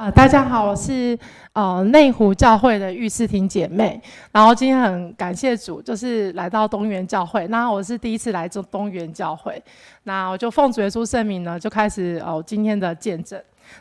啊、呃，大家好，我是呃內湖教會的喻思婷姐妹，然後今天很感謝主，就是來到東園教會。那我是第一次來做東園教會，那我就奉主耶穌聖名呢，就開始、呃、今天的見證。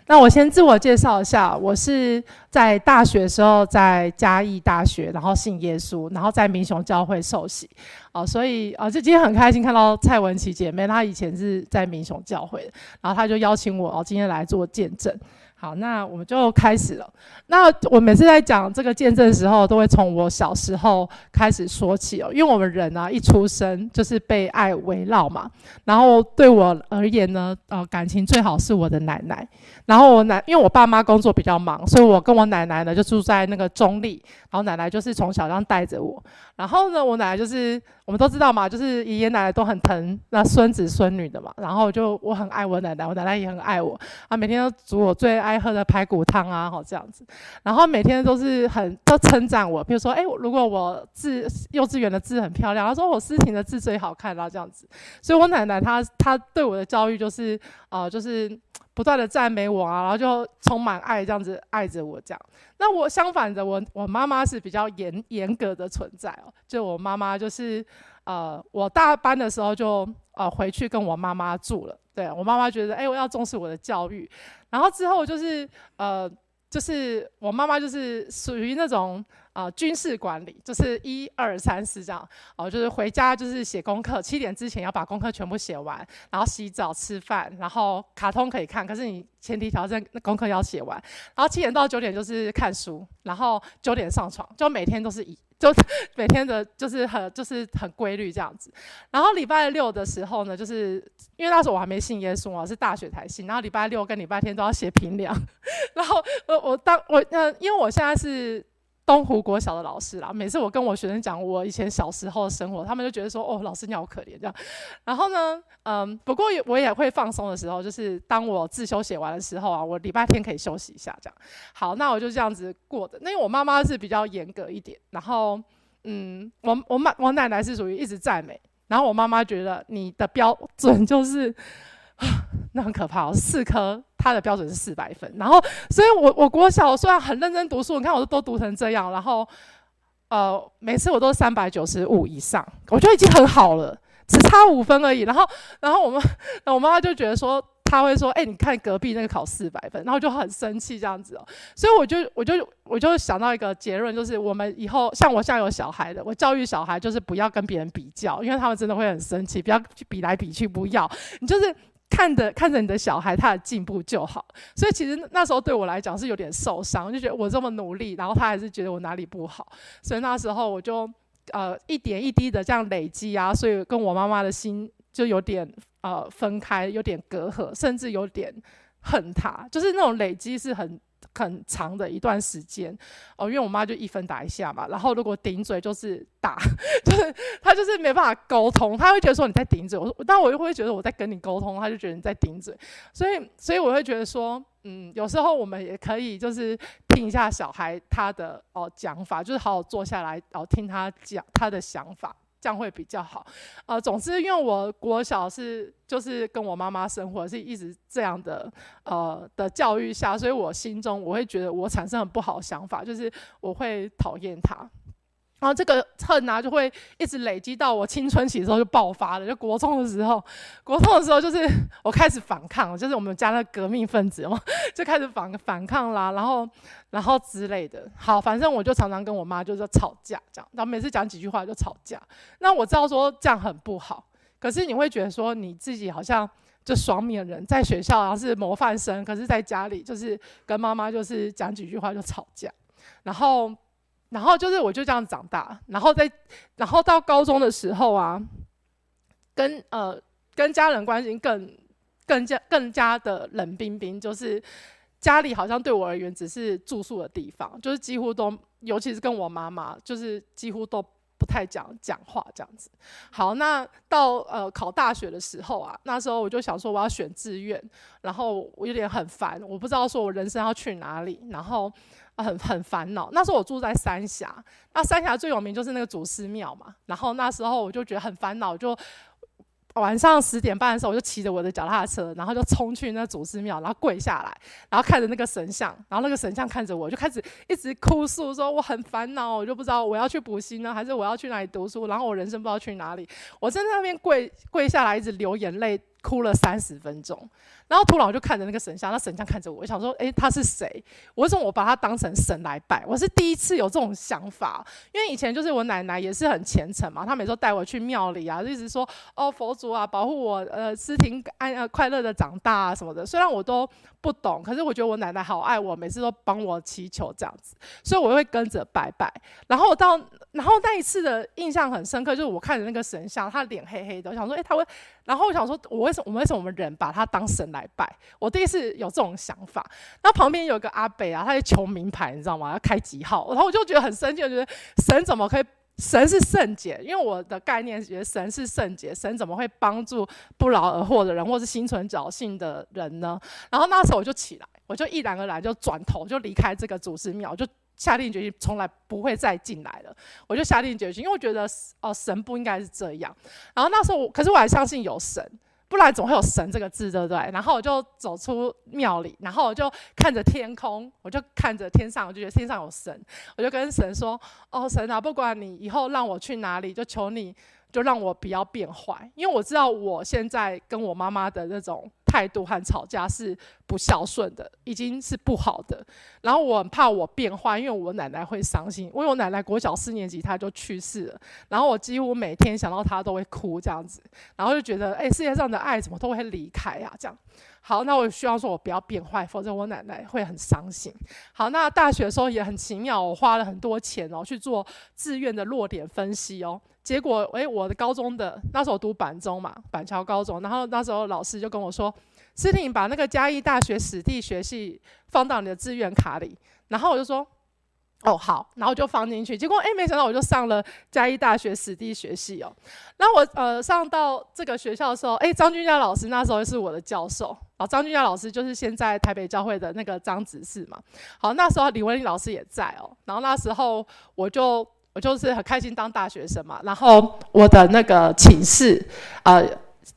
那我先自我介紹一下，我是在大學的時候在嘉義大學，然後信耶穌，然後在民雄教會受洗。哦、呃，所以啊、呃，就今天很開心看到蔡文琪姐妹，她以前是在民雄教會的，然後她就邀請我哦、呃、今天來做見證。好，那我們就開始了。那我每次在講這個見證的時候，都會從我小時候開始說起哦，因為我們人啊一出生就是被愛圍繞嘛。然後對我而言呢，呃，感情最好是我的奶奶。然後我奶，因為我爸媽工作比較忙，所以我跟我奶奶呢就住在那個中壢。然後奶奶就是從小這樣帶着我。然後呢，我奶奶就是我們都知道嘛，就是爺爺奶奶都很疼那孫子孫女的嘛。然後就我很愛我奶奶，我奶奶也很愛我啊，每天都煮我最愛。愛喝的排骨湯啊，吼這樣子，然後每天都是很都稱讚我，比如說，哎、欸，如果我字幼稚園的字很漂亮，他說我思婷的字最好看然後、啊、這樣子，所以我奶奶她她對我的教育就是，呃，就是不斷的讚美我啊，然後就充滿愛這樣子愛着我這樣。那我相反的，我我媽媽是比較嚴嚴格的存在哦、喔，就我媽媽就是。呃，我大班的時候就呃回去跟我媽媽住了。對，我媽媽覺得，哎、欸，我要重視我的教育。然後之後就是呃，就是我媽媽就是屬於那種啊、呃、軍事管理，就是一二三四這樣。哦、呃，就是回家就是寫功課，七點之前要把功課全部寫完，然後洗澡吃飯，然後卡通可以看，可是你前提條件那功課要寫完。然後七點到九點就是看書，然後九點上床，就每天都是一。就每天的，就是很，就是很規律這樣子。然後禮拜六的時候呢，就是因為那時候我還沒信耶穌嘛，是大學才信。然後禮拜六跟禮拜天都要寫評量。 然後我，我我當我那，因為我現在是。東湖國小的老師啦，每次我跟我學生講我以前小時候的生活，他們就覺得說：“哦，老師你好可憐這樣。”然後呢，嗯，不過也我也會放鬆的時候，就是當我自修寫完的時候啊，我禮拜天可以休息一下這樣。好，那我就這樣子過的。那因為我媽媽是比較嚴格一點，然後嗯，我我媽我奶奶是屬於一直讚美，然後我媽媽覺得你的標準就是啊。那很可怕哦、喔，四科他的標準是四百分，然後所以我，我我國小雖然很認真讀書，你看我都讀成這樣，然後，呃，每次我都三百九十五以上，我覺得已經很好了，只差五分而已。然後，然後我們然後我媽媽就覺得說，她會說，哎、欸，你看隔壁那個考四百分，然後就很生氣這樣子哦、喔。所以我就我就我就想到一個結論，就是我們以後像我像有小孩的，我教育小孩就是不要跟別人比較，因為他們真的會很生氣，不要去比來比去，不要，你就是。看着看着，你的小孩他的進步就好，所以其實那時候對我來講是有點受傷，就覺得我這麼努力，然後他還是覺得我哪裡不好，所以那時候我就呃一點一滴的這樣累積啊，所以跟我媽媽的心就有點呃分開，有點隔閡，甚至有點恨他，就是那種累積是很。很長的一段時間，哦，因為我媽就一分打一下嘛，然後如果頂嘴就是打，就是她就是沒辦法溝通，她會覺得說你在頂嘴，我但我又會覺得我在跟你溝通，她就覺得你在頂嘴，所以，所以我會覺得說，嗯，有時候我們也可以就是聽一下小孩他的哦講法，就是好好坐下來，然後聽他講他的想法。這樣會比較好。呃，總之，因為我國小是就是跟我媽媽生活是一直這樣的，呃的教育下，所以我心中我會覺得我產生很不好想法，就是我會討厭他。然後這個恨啊，就會一直累積到我青春期的時候就爆發了。就國中的時候，國中的時候就是我開始反抗，就是我們家的革命分子哦，就開始反反抗啦，然後然後之類的。好，反正我就常常跟我媽就是吵架這樣，然後每次講幾句話就吵架。那我知道說這樣很不好，可是你會覺得說你自己好像就雙面人，在學校然後是模範生，可是在家裡就是跟媽媽就是講幾句話就吵架，然後。然後就是我就這樣長大，然後在，然後到高中的時候啊，跟呃跟家人關係更更加更加的冷冰冰，就是家裡好像對我而言只是住宿的地方，就是幾乎都尤其是跟我媽媽，就是幾乎都不太講講話這樣子。好，那到呃考大學的時候啊，那時候我就想說我要選志願，然後我有點很煩，我不知道說我人生要去哪裡，然後。很很煩惱。那時候我住在三峽，那三峽最有名就是那個祖師廟嘛。然後那時候我就覺得很煩惱，就晚上十點半的時候，我就騎着我的腳踏車，然後就衝去那祖師廟，然後跪下來，然後看着那個神像，然後那個神像看着我，就開始一直哭訴說我很煩惱，我就不知道我要去補習呢，還是我要去哪裡讀書，然後我人生不知道去哪裡。我在那邊跪，跪下來，一直流眼淚，哭了三十分鐘。然後突然我就看着那個神像，那神像看着我，我想說，哎、欸，他是誰？我為什麼我把他當成神來拜？我是第一次有這種想法，因為以前就是我奶奶也是很虔誠嘛，她每次帶我去廟裡啊，就一直說，哦，佛祖啊，保護我，呃，思婷安快樂的長大啊什麼的。雖然我都不懂，可是我覺得我奶奶好愛我，每次都幫我祈求這樣子，所以我會跟着拜拜。然後到然後那一次的印象很深刻，就是我看着那個神像，他臉黑黑的，我想說，哎、欸，他會？然後我想說，我為什麼我們為什麼我們人把他當神來？拜拜！我第一次有這種想法。那旁邊有一個阿伯啊，他在求名牌，你知道嗎？要開幾號？然後我就覺得很生氣，我覺得神怎麼可以？神是聖潔，因為我的概念是覺得神是聖潔，神怎麼會幫助不勞而獲的人，或是心存僥倖的人呢？然後那時候我就起來，我就毅然而然就轉頭就離開這個祖師廟，就下定決心，從來不會再進來了。我就下定決心，因為我覺得哦，神不應該是這樣。然後那時候我，可是我還相信有神。不然總會有神這個字，對不對？然後我就走出廟裡，然後我就看着天空，我就看着天上，我就覺得天上有神，我就跟神說：“哦，神啊，不管你以後讓我去哪裡，就求你，就讓我不要變壞，因為我知道我現在跟我媽媽的那種。”態度和吵架是不孝順的，已經是不好的。然後我很怕我變壞，因為我奶奶會傷心。因為我有奶奶國小四年級她就去世了，然後我幾乎每天想到她都會哭這樣子，然後就覺得，哎、欸，世界上的愛怎麼都會離開啊？這樣。好，那我希望說，我不要變壞，否則我奶奶會很傷心。好，那大學的時候也很奇妙，我花了很多錢哦、喔、去做志願的落點分析哦、喔，結果、欸、我的高中的那時候我讀板中嘛，板橋高中，然後那時候老師就跟我說，思婷把那個嘉義大學史地學系放到你的志願卡裡，然後我就說。哦、oh，好，然後就放進去，結果哎，沒想到我就上了嘉義大學史地學系哦。然後我呃上到這個學校的時候，哎，張君雅老師那時候是我的教授，好，張君雅老師就是現在台北教會的那個張子寺嘛。好，那時候李文林老師也在哦。然後那時候我就我就是很開心當大學生嘛。然後我的那個寢室，呃。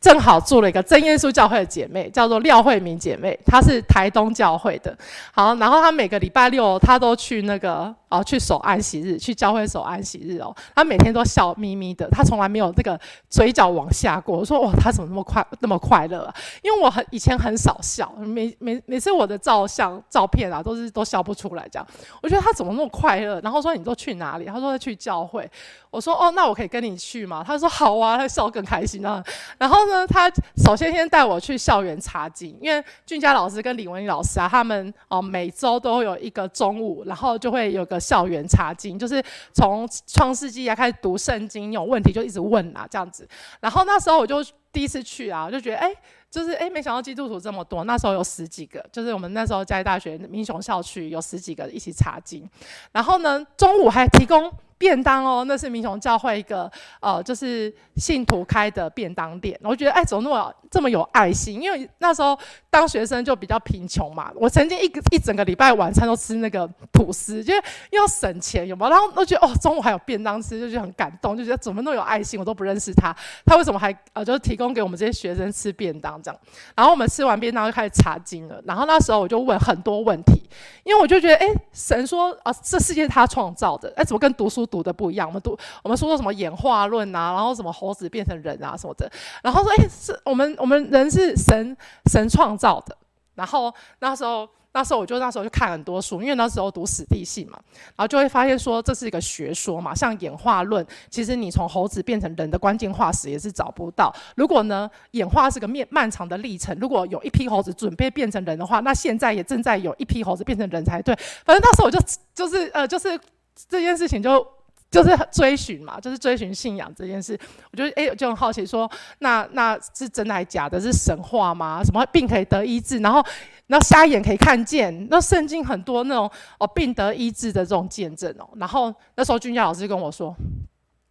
正好住了一個真耶穌教會的姐妹，叫做廖慧明姐妹，她是台東教會的。好，然後她每個禮拜六，她都去那個。然後，哦，去守安息日，去教會守安息日哦。他每天都笑眯眯的，他從來沒有這個嘴角往下過。我說哇，他怎麼那麼快那麼快樂啊？因為我很以前很少笑，每每每次我的照相照片啊，都是都笑不出來這樣。我覺得他怎麼那麼快樂？然後說你都去哪裡？他說他去教會。我說哦，那我可以跟你去嘛？他說好啊，他笑更開心啊。然後呢，他首先先帶我去校園查經，因為俊佳老師跟李文麗老師啊，他們哦每周都會有一個中午，然後就會有一個。校園查經就是從創世紀啊開始讀聖經，有問題就一直問啊這樣子。然後那時候我就第一次去啊，我就覺得哎，就是哎，沒想到基督徒這麼多。那時候有十幾個，就是我們那時候嘉義大學民雄校區有十幾個一起查經。然後呢，中午還提供。便當哦、喔，那是民雄教會一個呃，就是信徒開的便當店。我覺得哎、欸，怎麼那麼這麼有愛心？因為那時候當學生就比較貧窮嘛。我曾經一個一整個禮拜晚餐都吃那個吐司，因為要省錢，有沒有？然後我覺得哦，中午還有便當吃，就覺得很感動，就覺得怎麼那麼有愛心。我都不認識他，他為什麼還呃，就是提供給我們這些學生吃便當這樣？然後我們吃完便當就開始查經了。然後那時候我就問很多問題，因為我就覺得哎、欸，神說啊、呃，這世界是他創造的，哎、欸，怎麼跟讀書？讀的不一樣，我們讀我們說說什麼演化論啊，然後什麼猴子變成人啊什麼的，然後說誒，是我們我們人是神神創造的。然後那時候那時候我就那時候就看很多書，因為那時候讀史地系嘛，然後就會發現說這是一個學說嘛，像演化論，其實你從猴子變成人的關鍵化石也是找不到。如果呢演化是個蠻漫長的歷程，如果有一批猴子準備變成人的話，那現在也正在有一批猴子變成人才對。反正那時候我就就是呃就是這件事情就。就是追尋嘛，就是追尋信仰這件事。我就得、欸，就很好奇說，說那那是真的還假的？是神話嗎？什麼病可以得醫治？然後，那瞎眼可以看見？那聖經很多那種哦，病得醫治的這種見證哦。然後那時候君教老師跟我說，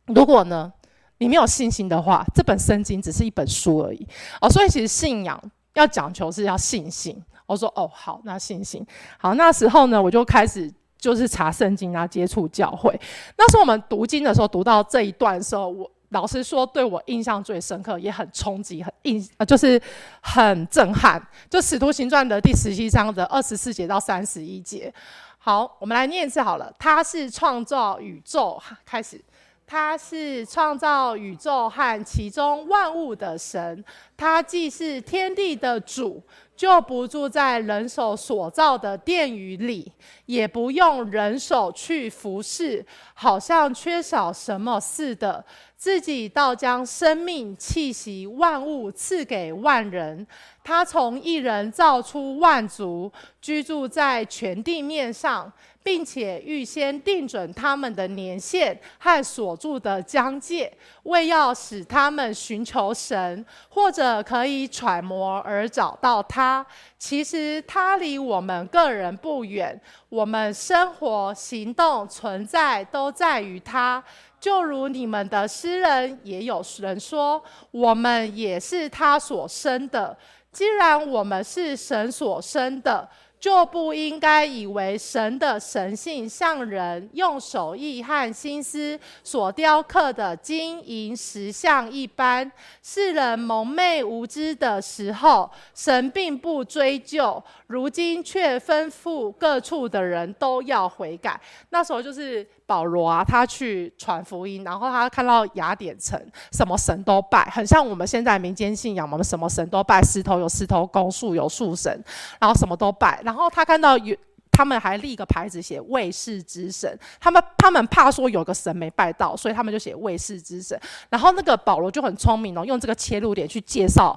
如果呢你沒有信心的話，這本聖經只是一本書而已哦。所以其實信仰要講求是要信心。我說哦好，那信心好。那時候呢我就開始。就是查聖經啊，接觸教會。那時候我們讀經的時候，讀到這一段的時候，我老實說，對我印象最深刻，也很衝擊，很印啊，就是很震撼。就《使徒行傳》的第十七章的二十四節到三十一節。好，我們來念一次好了。他是創造宇宙開始，他是創造宇宙和其中萬物的神，他既是天地的主。就不住在人手所造的殿宇裡，也不用人手去服侍，好像缺少什麼似的。自己倒將生命、氣息、萬物賜給萬人。他從一人造出萬族，居住在全地面上。並且預先定準他們的年限和所住的疆界，為要使他們尋求神，或者可以揣摩而找到他。其實他離我們個人不遠，我們生活、行動、存在都在於他。就如你們的詩人也有人說：“我們也是他所生的。”既然我們是神所生的。就不應該以為神的神性像人用手藝和心思所雕刻的金銀石像一般。世人蒙昧無知的時候，神並不追究；如今卻吩咐各處的人都要悔改。那時候就是。保羅啊，他去傳福音，然後他看到雅典城什麼神都拜，很像我們現在民間信仰，我們什麼神都拜，石頭有石頭公，樹有樹神，然後什麼都拜。然後他看到有他們還立個牌子寫未識之神，他們他們怕說有個神沒拜到，所以他們就寫未識之神。然後那個保羅就很聰明哦，用這個切入點去介紹。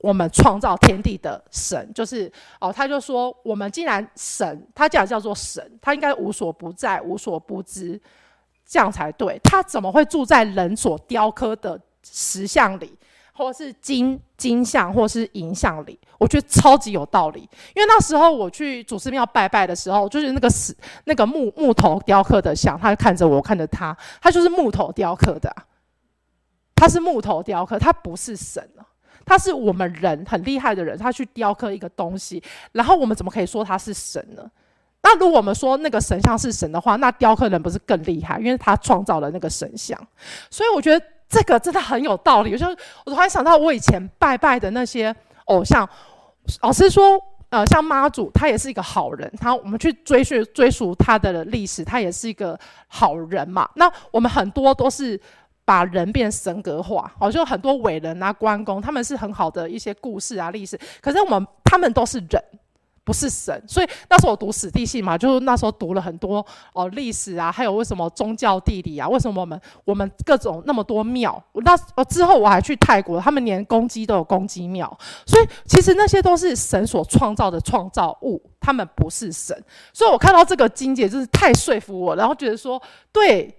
我們創造天地的神，就是哦，他就說，我們既然神，他既然叫做神，他應該無所不在、無所不知，這樣才對。他怎麼會住在人所雕刻的石像裡，或是金金像，或是銀像裡？我覺得超級有道理。因為那時候我去祖師廟拜拜的時候，就是那個石、那個木木頭雕刻的像，他看著我，我看著他，他就是木頭雕刻的啊，他是木頭雕刻，他不是神啊。他是我們人很厲害的人，他去雕刻一個東西，然後我們怎麼可以說他是神呢？那如果我們說那個神像是神的話，那雕刻人不是更厲害？因為他創造了那個神像，所以我覺得這個真的很有道理。就是我突然想到，我以前拜拜的那些偶像，老實說，呃，像媽祖，他也是一個好人。他我們去追尋追溯他的歷史，他也是一個好人嘛。那我們很多都是。把人變神格化哦，就很多偉人啊，關公他們是很好的一些故事啊、歷史。可是我們他們都是人，不是神。所以那時候我讀史地系嘛，就是那時候讀了很多哦歷史啊，還有為什麼宗教地理啊？為什麼我們我們各種那麼多廟？那呃之後我還去泰國，他們連公雞都有公雞廟。所以其實那些都是神所創造的創造物，他們不是神。所以我看到這個境界就是太說服我，然後覺得說對。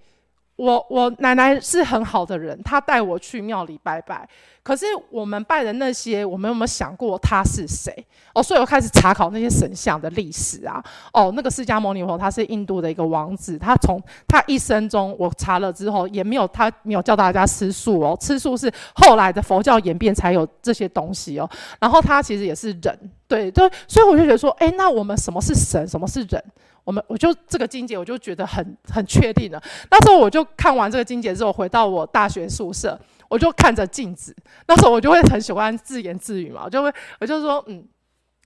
我我奶奶是很好的人，她帶我去廟裡拜拜。可是我們拜的那些，我們有沒有想過他是誰？哦，所以我開始查考那些神像的歷史啊。哦，那個釋迦牟尼佛他是印度的一個王子，他從他一生中，我查了之後也沒有，他沒有教大家吃素哦，吃素是後來的佛教演變才有這些東西哦。然後他其實也是人，對對，所以我就覺得說，誒，那我們什麼是神，什麼是人？我們我就這個經節，我就覺得很很確定了。那時候我就看完這個經節之後，回到我大學宿舍，我就看着鏡子。那時候我就會很喜歡自言自語嘛，就會我就說嗯，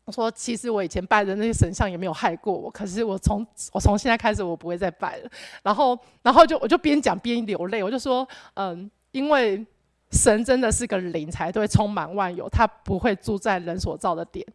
我說其實我以前拜的那些神像也沒有害過我，可是我從我從現在開始我不會再拜了。然後然後就我就邊講邊流淚，我就說嗯，因為神真的是個靈，才都會充滿萬有，他不會住在人所造的殿。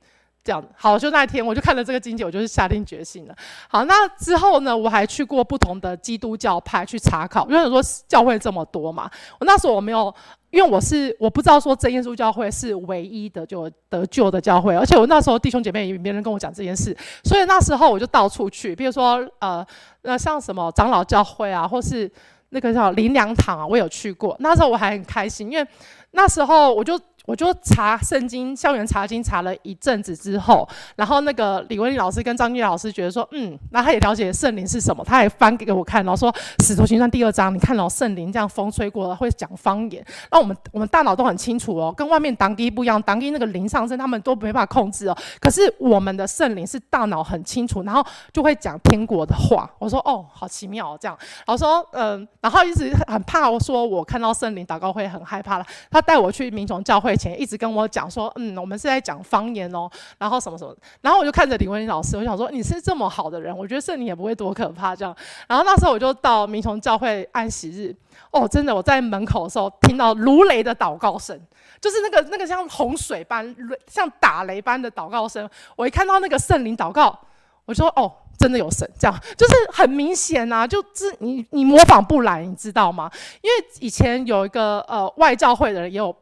這樣好，就那一天我就看了這個經解，我就是下定決心了。好，那之後呢，我還去過不同的基督教派去查考，因為說教會這麼多嘛。我那時候我沒有，因為我是我不知道說真耶穌教會是唯一的就得救的教會，而且我那時候弟兄姐妹也沒人跟我講這件事，所以那時候我就到處去，比如說呃，那、呃、像什麼長老教會啊，或是那個叫靈糧堂啊，我有去過。那時候我還很開心，因為那時候我就。我就查聖經，校園查經查了一陣子之後，然後那個李文麗老師跟張俊老師覺得說，嗯，那他也了解聖靈是什麼，他也翻給我看，然後說《使徒行傳》第二章，你看到聖靈這樣風吹過了，會講方言，那我們我們大腦都很清楚哦，跟外面當地不一樣，當地那個靈上身，他們都沒辦法控制哦，可是我們的聖靈是大腦很清楚，然後就會講天國的話。我說哦，好奇妙哦，這樣。然後說嗯，然後一直很怕，我說我看到聖靈禱告會很害怕了。他帶我去民眾教會。一直跟我講說，嗯，我們是在講方言哦，然後什麼什麼，然後我就看着李文英老師，我想說你是這麼好的人，我覺得聖靈也不會多可怕這樣。然後那時候我就到民雄教會安息日，哦，真的我在門口的時候聽到如雷的禱告聲，就是那個那個像洪水般、像打雷般的禱告聲。我一看到那個聖靈禱告，我就說哦，真的有神這樣，就是很明顯吶、啊，就是你你模仿不來，你知道嗎？因為以前有一個呃外教會的人也有。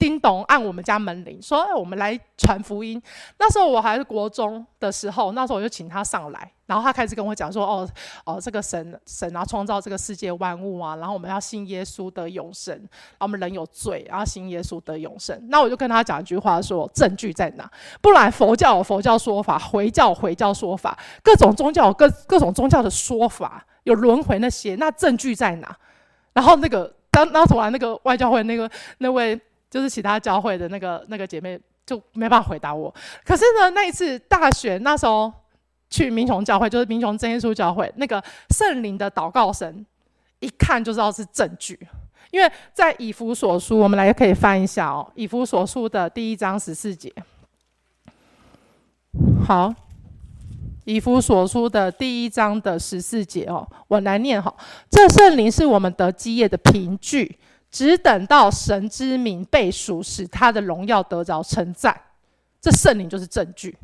叮咚，按我們家門鈴說，說、哎、我們來傳福音。那時候我還是國中的時候，那時候我就請他上來，然後他開始跟我講說：“哦哦，這個神神啊，創造這個世界萬物啊，然後我們要信耶穌得永生，我們人有罪，然後信耶穌得永生。”那我就跟他講一句話說：“證據在哪？不然佛教有佛教說法，回教有回教說法，各種宗教有各各種宗教的說法，有輪迴那些，那證據在哪？”然後那個當那後來那個外教會那個那位。就是其他教會的那個那個姐妹就沒辦法回答我，可是呢，那一次大選那時候去民雄教會，就是民雄真耶穌教會，那個聖靈的禱告聲，一看就知道是證據，因為在以弗所書，我們來可以翻一下哦，以弗所書的第一章十四節，好，以弗所書的第一章的十四節哦，我來念哈，這聖靈是我們得基業的憑據，直等到神之名被贖，使他的榮耀得着稱讚，這聖靈就是證據。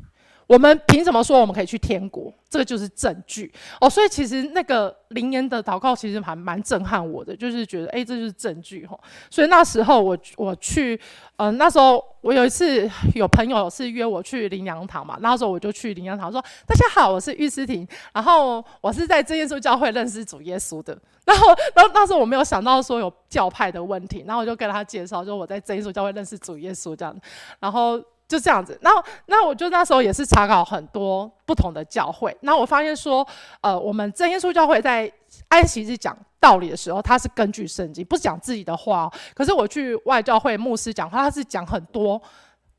我們憑什麼說我們可以去天國？這個就是證據哦。所以其實那個靈驗的禱告其實還蠻震撼我的，就是覺得哎、欸，這就是證據吼。所以那時候我我去，嗯、呃，那時候我有一次有朋友是約我去靈糧堂嘛。那時候我就去靈糧堂，說大家好，我是喻思婷。然後我是在真耶穌教會認識主耶穌的。然後，然後那時候我沒有想到說有教派的問題。然後我就跟他介紹，說我在真耶穌教會認識主耶穌這樣。然後。就這樣子，然後那我就那時候也是查考很多不同的教會，那我發現說，呃，我們真耶穌教會在安息日講道理的時候，他是根據聖經，不講自己的話。可是我去外教會牧師講話，他是講很多，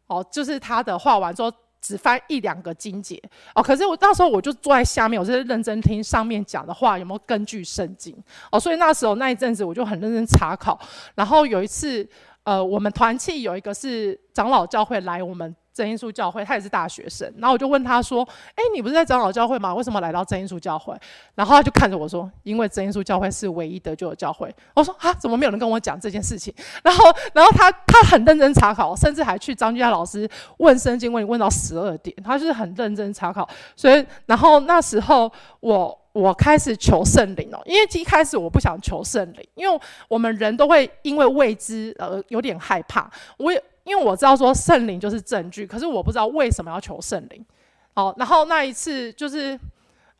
哦、呃，就是他的話完之後只翻一兩個經節。哦、呃，可是我那時候我就坐在下面，我是在認真聽上面講的話有沒有根據聖經。哦、呃，所以那時候那一陣子我就很認真查考，然後有一次。呃，我們團契有一個是長老教會來我們真耶穌教會，他也是大學生。然後我就問他說：“誒，你不是在長老教會嗎？為什麼來到真耶穌教會？”然後他就看着我說：“因為真耶穌教會是唯一得救的教會。”我說：“啊，怎麼沒有人跟我講這件事情？”然後，然後他他很認真查考，甚至還去張家老師問聖經問，問問到十二點，他就是很認真查考。所以，然後那時候我。我開始求聖靈了，因為一開始我不想求聖靈，因為我們人都會因為未知而有點害怕。我也因為我知道說聖靈就是證據，可是我不知道為什麼要求聖靈。好，然後那一次就是，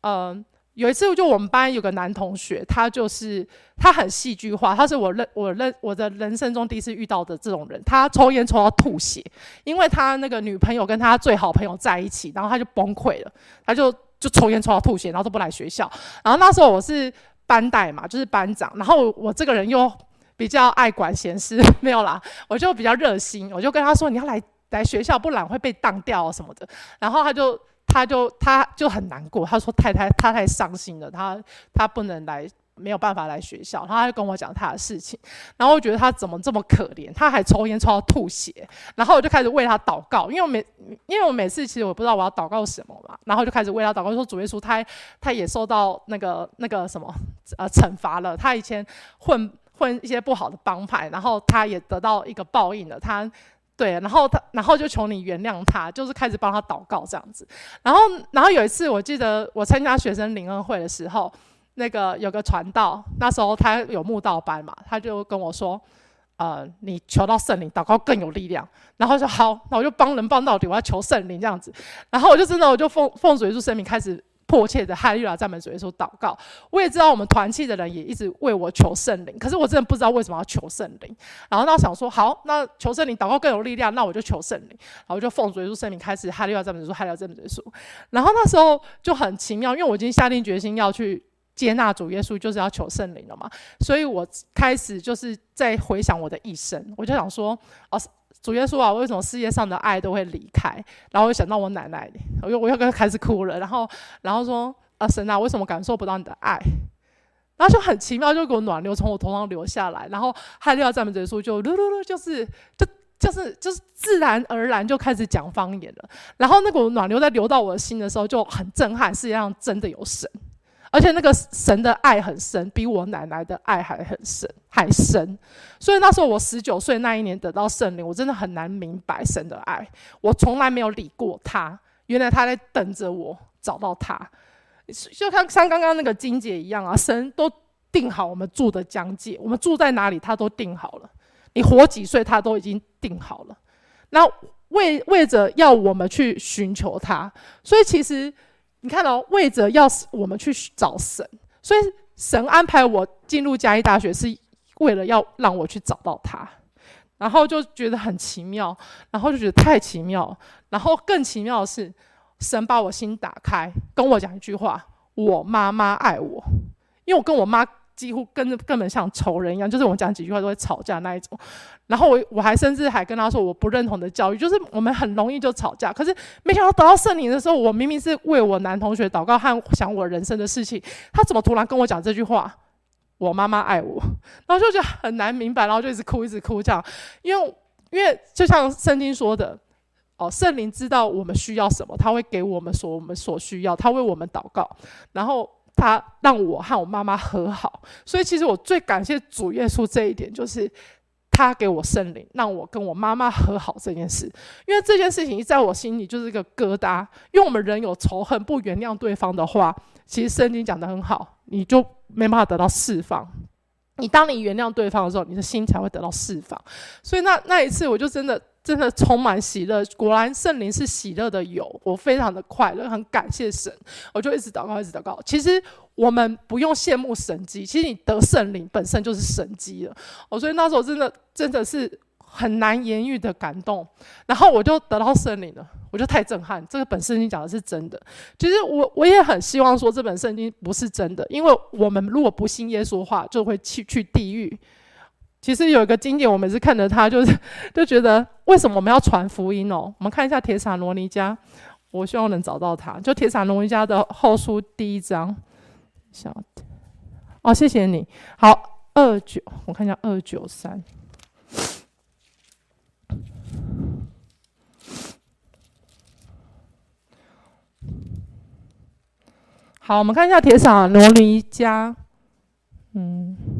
嗯、呃，有一次就我們班有個男同學，他就是他很戲劇化，他是我認我認我的人生中第一次遇到的這種人。他抽煙抽到吐血，因為他那個女朋友跟他最好朋友在一起，然後他就崩潰了，他就。就抽煙抽到吐血，然後都不來學校。然後那時候我是班代嘛，就是班長。然後我這個人又比較愛管閒事，沒有啦，我就比較熱心。我就跟他說：“你要來來學校，不然會被當掉啊什麼的。”然後他就，他就他就他就很難過，他說：“太太，他太傷心了，他他不能來。”沒有辦法來學校，然後他就跟我講他的事情，然後我覺得他怎麼這麼可憐，他還抽煙抽到吐血，然後我就開始為他禱告，因為每因為我每次其實我不知道我要禱告什麼嘛，然後就開始為他禱告，說主耶穌他他也受到那個那個什麼呃懲罰了，他以前混混一些不好的幫派，然後他也得到一個報應了，他對，然後他然後就求你原諒他，就是開始幫他禱告這樣子，然後然後有一次我記得我參加學生靈恩會的時候。那個有個傳道，那時候他有慕道班嘛，他就跟我說：“呃，你求到聖靈禱告更有力量。”然後說：“好，那我就幫人幫到底，我要求聖靈這樣子。”然後我就真的我就奉奉主耶穌聖名開始迫切的哈利路亞讚美主耶穌禱告。我也知道我們團契的人也一直為我求聖靈，可是我真的不知道為什麼要求聖靈。然後那我想說：“好，那求聖靈禱告更有力量，那我就求聖靈。”然後我就奉主耶穌聖名開始哈利路亞讚美主耶穌，哈利路亞讚美主耶穌。然後那時候就很奇妙，因為我已經下定決心要去。接納主耶穌就是要求聖靈了嘛，所以我開始就是在回想我的一生，我就想說，啊，主耶穌啊，為什麼世界上的愛都會離開？然後我想到我奶奶，我又我又開始哭了，然後然後說，啊神啊，為什麼感受不到你的愛？然後就很奇妙，就給我暖流從我頭上流下來，然後哈利路亞讚美主耶穌，就嚕嚕嚕，就是就就是就是自然而然就開始講方言了。然後那股暖流在流到我的心的時候，就很震撼，世界上真的有神。而且那個神的愛很深，比我奶奶的愛還很深，還深。所以那時候我十九歲那一年得到聖靈，我真的很難明白神的愛。我從來沒有理過他，原來他在等着我找到他。就像像剛剛那個金姐一樣啊，神都定好我們住的疆界，我們住在哪裡，他都定好了。你活幾歲，他都已經定好了。那為為着要我們去尋求他，所以其實。你看哦，為着要我們去找神，所以神安排我進入嘉義大學，是為了要讓我去找到他，然後就覺得很奇妙，然後就覺得太奇妙，然後更奇妙的是，神把我心打開，跟我講一句話：我媽媽愛我，因為我跟我媽。幾乎跟根本像仇人一樣，就是我講幾句話都會吵架那一種。然後我我還甚至還跟他說我不認同的教育，就是我們很容易就吵架。可是沒想到等到聖靈的時候，我明明是為我男同學禱告和想我人生的事情，他怎麼突然跟我講這句話？我媽媽愛我，然後就就很難明白，然後就一直哭一直哭這樣。因為因為就像聖經說的，哦，聖靈知道我們需要什麼，他會給我們所我們所需要，他為我們禱告，然後。他讓我和我媽媽和好，所以其實我最感謝主耶穌這一點，就是他給我聖靈，讓我跟我媽媽和好這件事。因為這件事情在我心裡就是一個疙瘩，因為我們人有仇恨，不原諒對方的話，其實聖經講得很好，你就沒辦法得到釋放。你當你原諒對方的時候，你的心才會得到釋放。所以那那一次，我就真的。真的充滿喜樂，果然聖靈是喜樂的油，我非常的快樂，很感謝神，我就一直禱告，一直禱告。其實我們不用羨慕神蹟，其實你得聖靈本身就是神蹟了。我所以那時候真的真的是很難言喻的感動，然後我就得到聖靈了，我就太震撼。這個本聖經講的是真的，其實我我也很希望說這本聖經不是真的，因為我們如果不信耶穌的話，就會去去地獄。其實有一個經典，我每次看着他，就是就覺得為什麼我們要傳福音哦？我們看一下《帖撒羅尼迦》，我希望能找到他。就《帖撒羅尼迦》的後書第一章。等一下哦，謝謝你好，二九，我看一下二九三。好，我們看一下《帖撒羅尼迦》，嗯。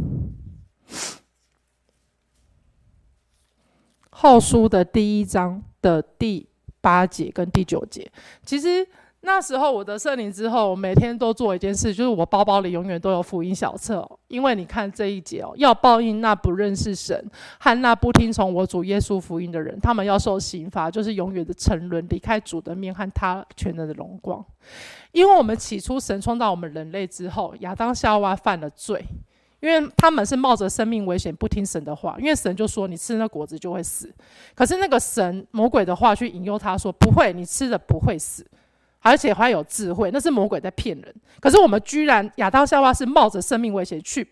後書的第一章的第八節跟第九節，其實那時候我得聖靈之後，我每天都做一件事，就是我包包裡永遠都有福音小冊、哦。因為你看這一節哦，要報應那不認識神和那不聽從我主耶穌福音的人，他們要受刑罰，就是永遠的沉淪，離開主的面和他全能的榮光。因為我們起初神創造我們人類之後，亞當夏娃犯了罪。因為他們是冒着生命危險，不聽神的話，因為神就說，你吃那果子就會死，可是那個神魔鬼的話去引誘他說不會，你吃了不會死，而且還有智慧，那是魔鬼在騙人。可是我們居然亞當夏娃是冒着生命危險去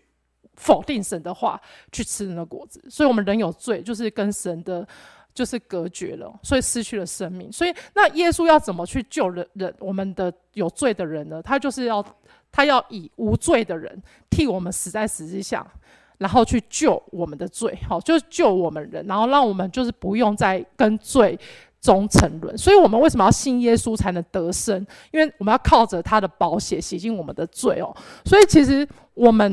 否定神的話，去吃那果子，所以我們人有罪就是跟神的，就是隔絕了，所以失去了生命。所以那耶穌要怎麼去救人人？我們的有罪的人呢？他就是要。他要以無罪的人替我們死在十字架，然後去救我們的罪。好，就是救我們人，然後讓我們就是不用再跟罪中沉淪。所以，我們為什麼要信耶穌才能得生？因為我們要靠着他的寶血洗淨我們的罪哦。所以，其實我們，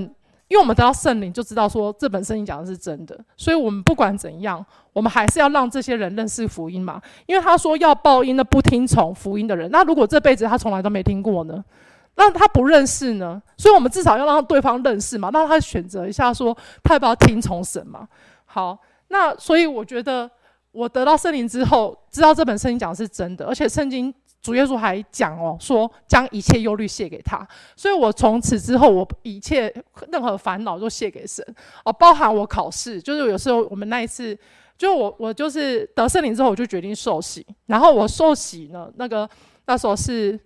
因為我們得到聖靈，就知道說這本聖經講的是真的。所以，我們不管怎樣，我們還是要讓這些人認識福音嘛。因為他說要報應的不聽從福音的人，那如果這輩子他從來都沒聽過呢？那他不認識呢，所以我們至少要讓對方認識嘛，讓他選擇一下，說他要不要聽從神嘛。好，那所以我覺得我得到聖靈之後，知道這本聖經講的是真的，而且聖經主耶穌還講哦、喔，說將一切憂慮卸給他，所以我從此之後，我一切任何煩惱都卸給神哦，包含我考試，就是有時候我們那一次，就我我就是得聖靈之後，我就決定受洗，然後我受洗呢，那個那時候是。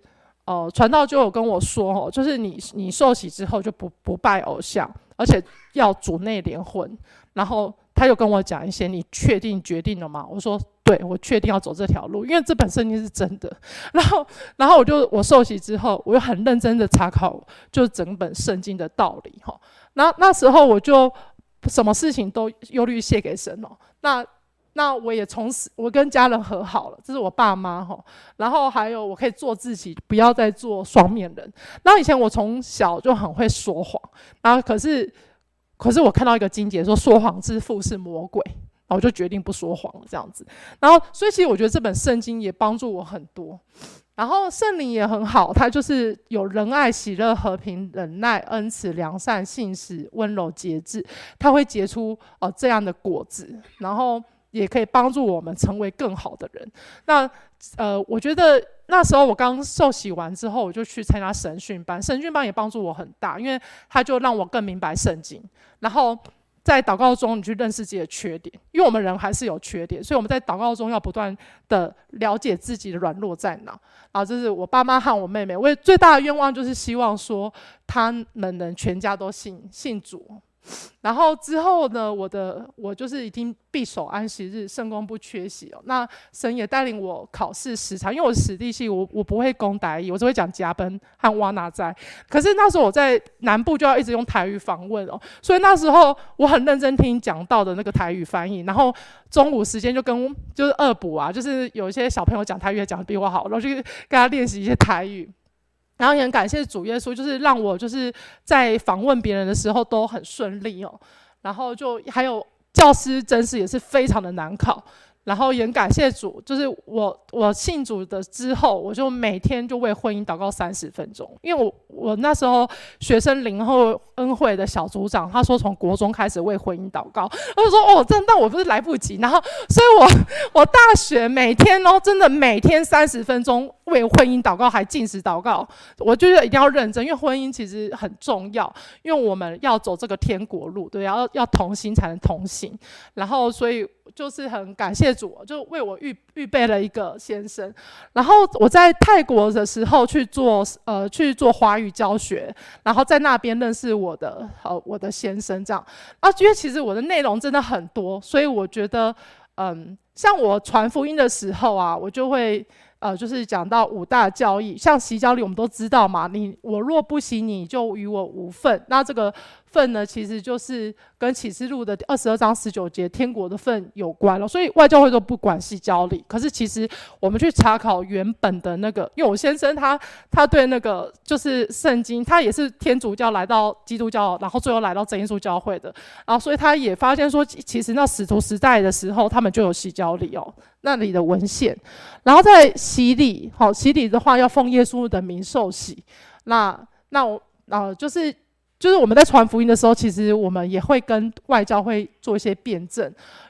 哦，傳道就有跟我說，哦，就是你你受洗之後就不不拜偶像，而且要主內聯婚，然後他又跟我講一些，你確定決定了嗎？我說，對，我確定要走這條路，因為這本聖經是真的。然後，然後我就我受洗之後，我就很認真的查考，就是整本聖經的道理，哈。那那時候我就什麼事情都憂慮卸給神了。那那我也從此，我跟家人和好了，這是我爸媽哈，然後還有我可以做自己，不要再做雙面人。然後以前我從小就很會說謊，然後可是可是我看到一個經節說，說謊之父是魔鬼，然後我就決定不說謊了，這樣子。然後所以其實我覺得這本聖經也幫助我很多，然後聖靈也很好，他就是有仁愛、喜樂、和平、忍耐、恩慈、良善、信實、溫柔、節制，他會結出哦這樣的果子，然後。也可以幫助我們成為更好的人。那，呃，我覺得那時候我剛受洗完之後，我就去參加神訓班，神訓班也幫助我很大，因為他就讓我更明白聖經。然後在禱告中，你去認識自己的缺點，因為我們人還是有缺點，所以我們在禱告中要不斷的了解自己的軟弱在哪。啊，這是我爸媽和我妹妹，我也最大的願望就是希望說他們能全家都信信主。然後之後呢，我的我就是已經必守安息日，聖工不缺席哦。那神也帶領我考試時常，因為我是史地系，我我不會講台語，我只會講加奔和瓦那在。可是那時候我在南部就要一直用台語訪問哦，所以那時候我很認真聽講道的那個台語翻譯，然後中午時間就跟就是惡補啊，就是有一些小朋友講台語的講得比我好，然後就跟他練習一些台語。然後也很感謝主耶穌，就是讓我就是在訪問別人的時候都很順利哦。然後就還有教師甄試也是非常的難考。然後，也很感謝主，就是我我信主的之後，我就每天就為婚姻禱告三十分鐘。因為我我那時候學生零後恩惠的小組長，他說從國中開始為婚姻禱告，我就說哦，真的我不是來不及。然後，所以我我大學每天哦，然後真的每天三十分鐘為婚姻禱告，還定時禱告。我就覺得一定要認真，因為婚姻其實很重要，因為我們要走這個天國路，對，要要同心才能同行。然後，所以。就是很感謝主，就為我預預備了一個先生。然後我在泰國的時候去做呃，去做華語教學，然後在那邊認識我的呃，我的先生。這樣啊，因為其實我的內容真的很多，所以我覺得嗯，像我傳福音的時候啊，我就會呃，就是講到五大教義，像洗腳禮我們都知道嘛，你我若不洗，你就與我無份。那這個。份呢，其實就是跟啟示錄的第二十二章十九節天國的份有關了。所以外教會都不管洗腳禮，可是，其實我們去查考原本的那個，因為我先生他他對那個就是聖經，他也是天主教來到基督教，然後最後來到真耶穌教會的，然後所以他也發現說，其實那使徒時代的時候他們就有洗腳禮哦，那裡的文獻，然後在洗禮，好洗禮的話要奉耶穌的名受洗，那那我啊就是。就是我們在傳福音的時候，其實我們也會跟外教會做一些辯證，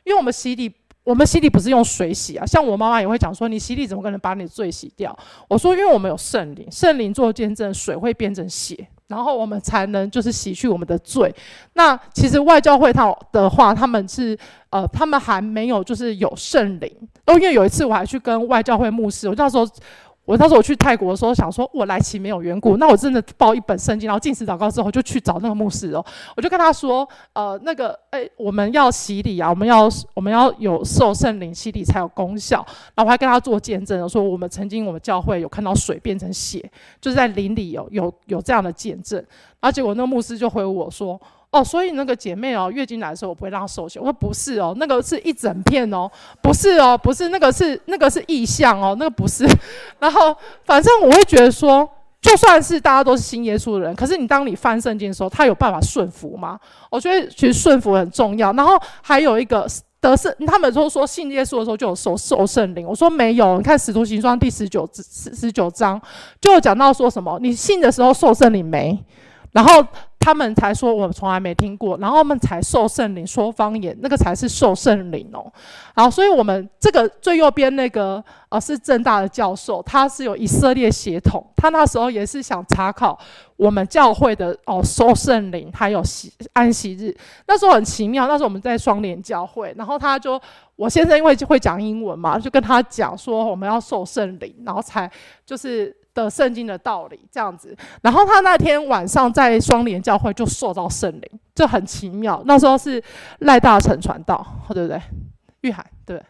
因為我們洗禮，我們洗禮不是用水洗啊。像我媽媽也會講說，你洗禮怎麼可能把你的罪洗掉？我說，因為我們有聖靈，聖靈做見證，水會變成血，然後我們才能就是洗去我們的罪。那其實外教會的話，他們是呃，他們還沒有就是有聖靈。哦，因為有一次我還去跟外教會牧師，我那時候。我那時候我去泰國的時候想說我來其實沒有緣故，那我真的抱一本聖經，然後禁食禱告之後就去找那個牧師哦，我就跟他說，呃，那個，哎、欸，我們要洗禮啊，我們要我們要有受聖靈洗禮才有功效，然後我還跟他做見證，說我們曾經我們教會有看到水變成血，就是在林里有有有這樣的見證，然後結果那個牧師就回我說。哦，所以那個姐妹哦，月經來的時候我不會讓她受洗。我說不是哦，那個是一整片哦，不是哦，不是那個是那個是異象哦，那個不是。然後反正我會覺得說，就算是大家都是信耶穌的人，可是你當你翻聖經的時候，他有辦法順服嗎？我覺得其實順服很重要。然後還有一個得勝，他們都說信耶穌的時候就有受受聖靈。我說沒有，你看使徒行傳第十九之十,十九章，就有講到說什麼，你信的時候受聖靈沒？然後他們才說，我從來沒聽過，然後我們才受聖靈說方言，那個才是受聖靈哦。然後，所以我們這個最右邊那個啊、呃、是政大的教授，他是有以色列血統，他那時候也是想查考我們教會的哦受聖靈還有安息日。那時候很奇妙，那時候我們在雙連教會，然後他就我先生因為就會講英文嘛，就跟他講說我們要受聖靈，然後才就是。的聖經的道理這樣子，然後他那天晚上在雙連教會就受到聖靈，這很奇妙。那時候是賴大成傳道，對不對？玉海對，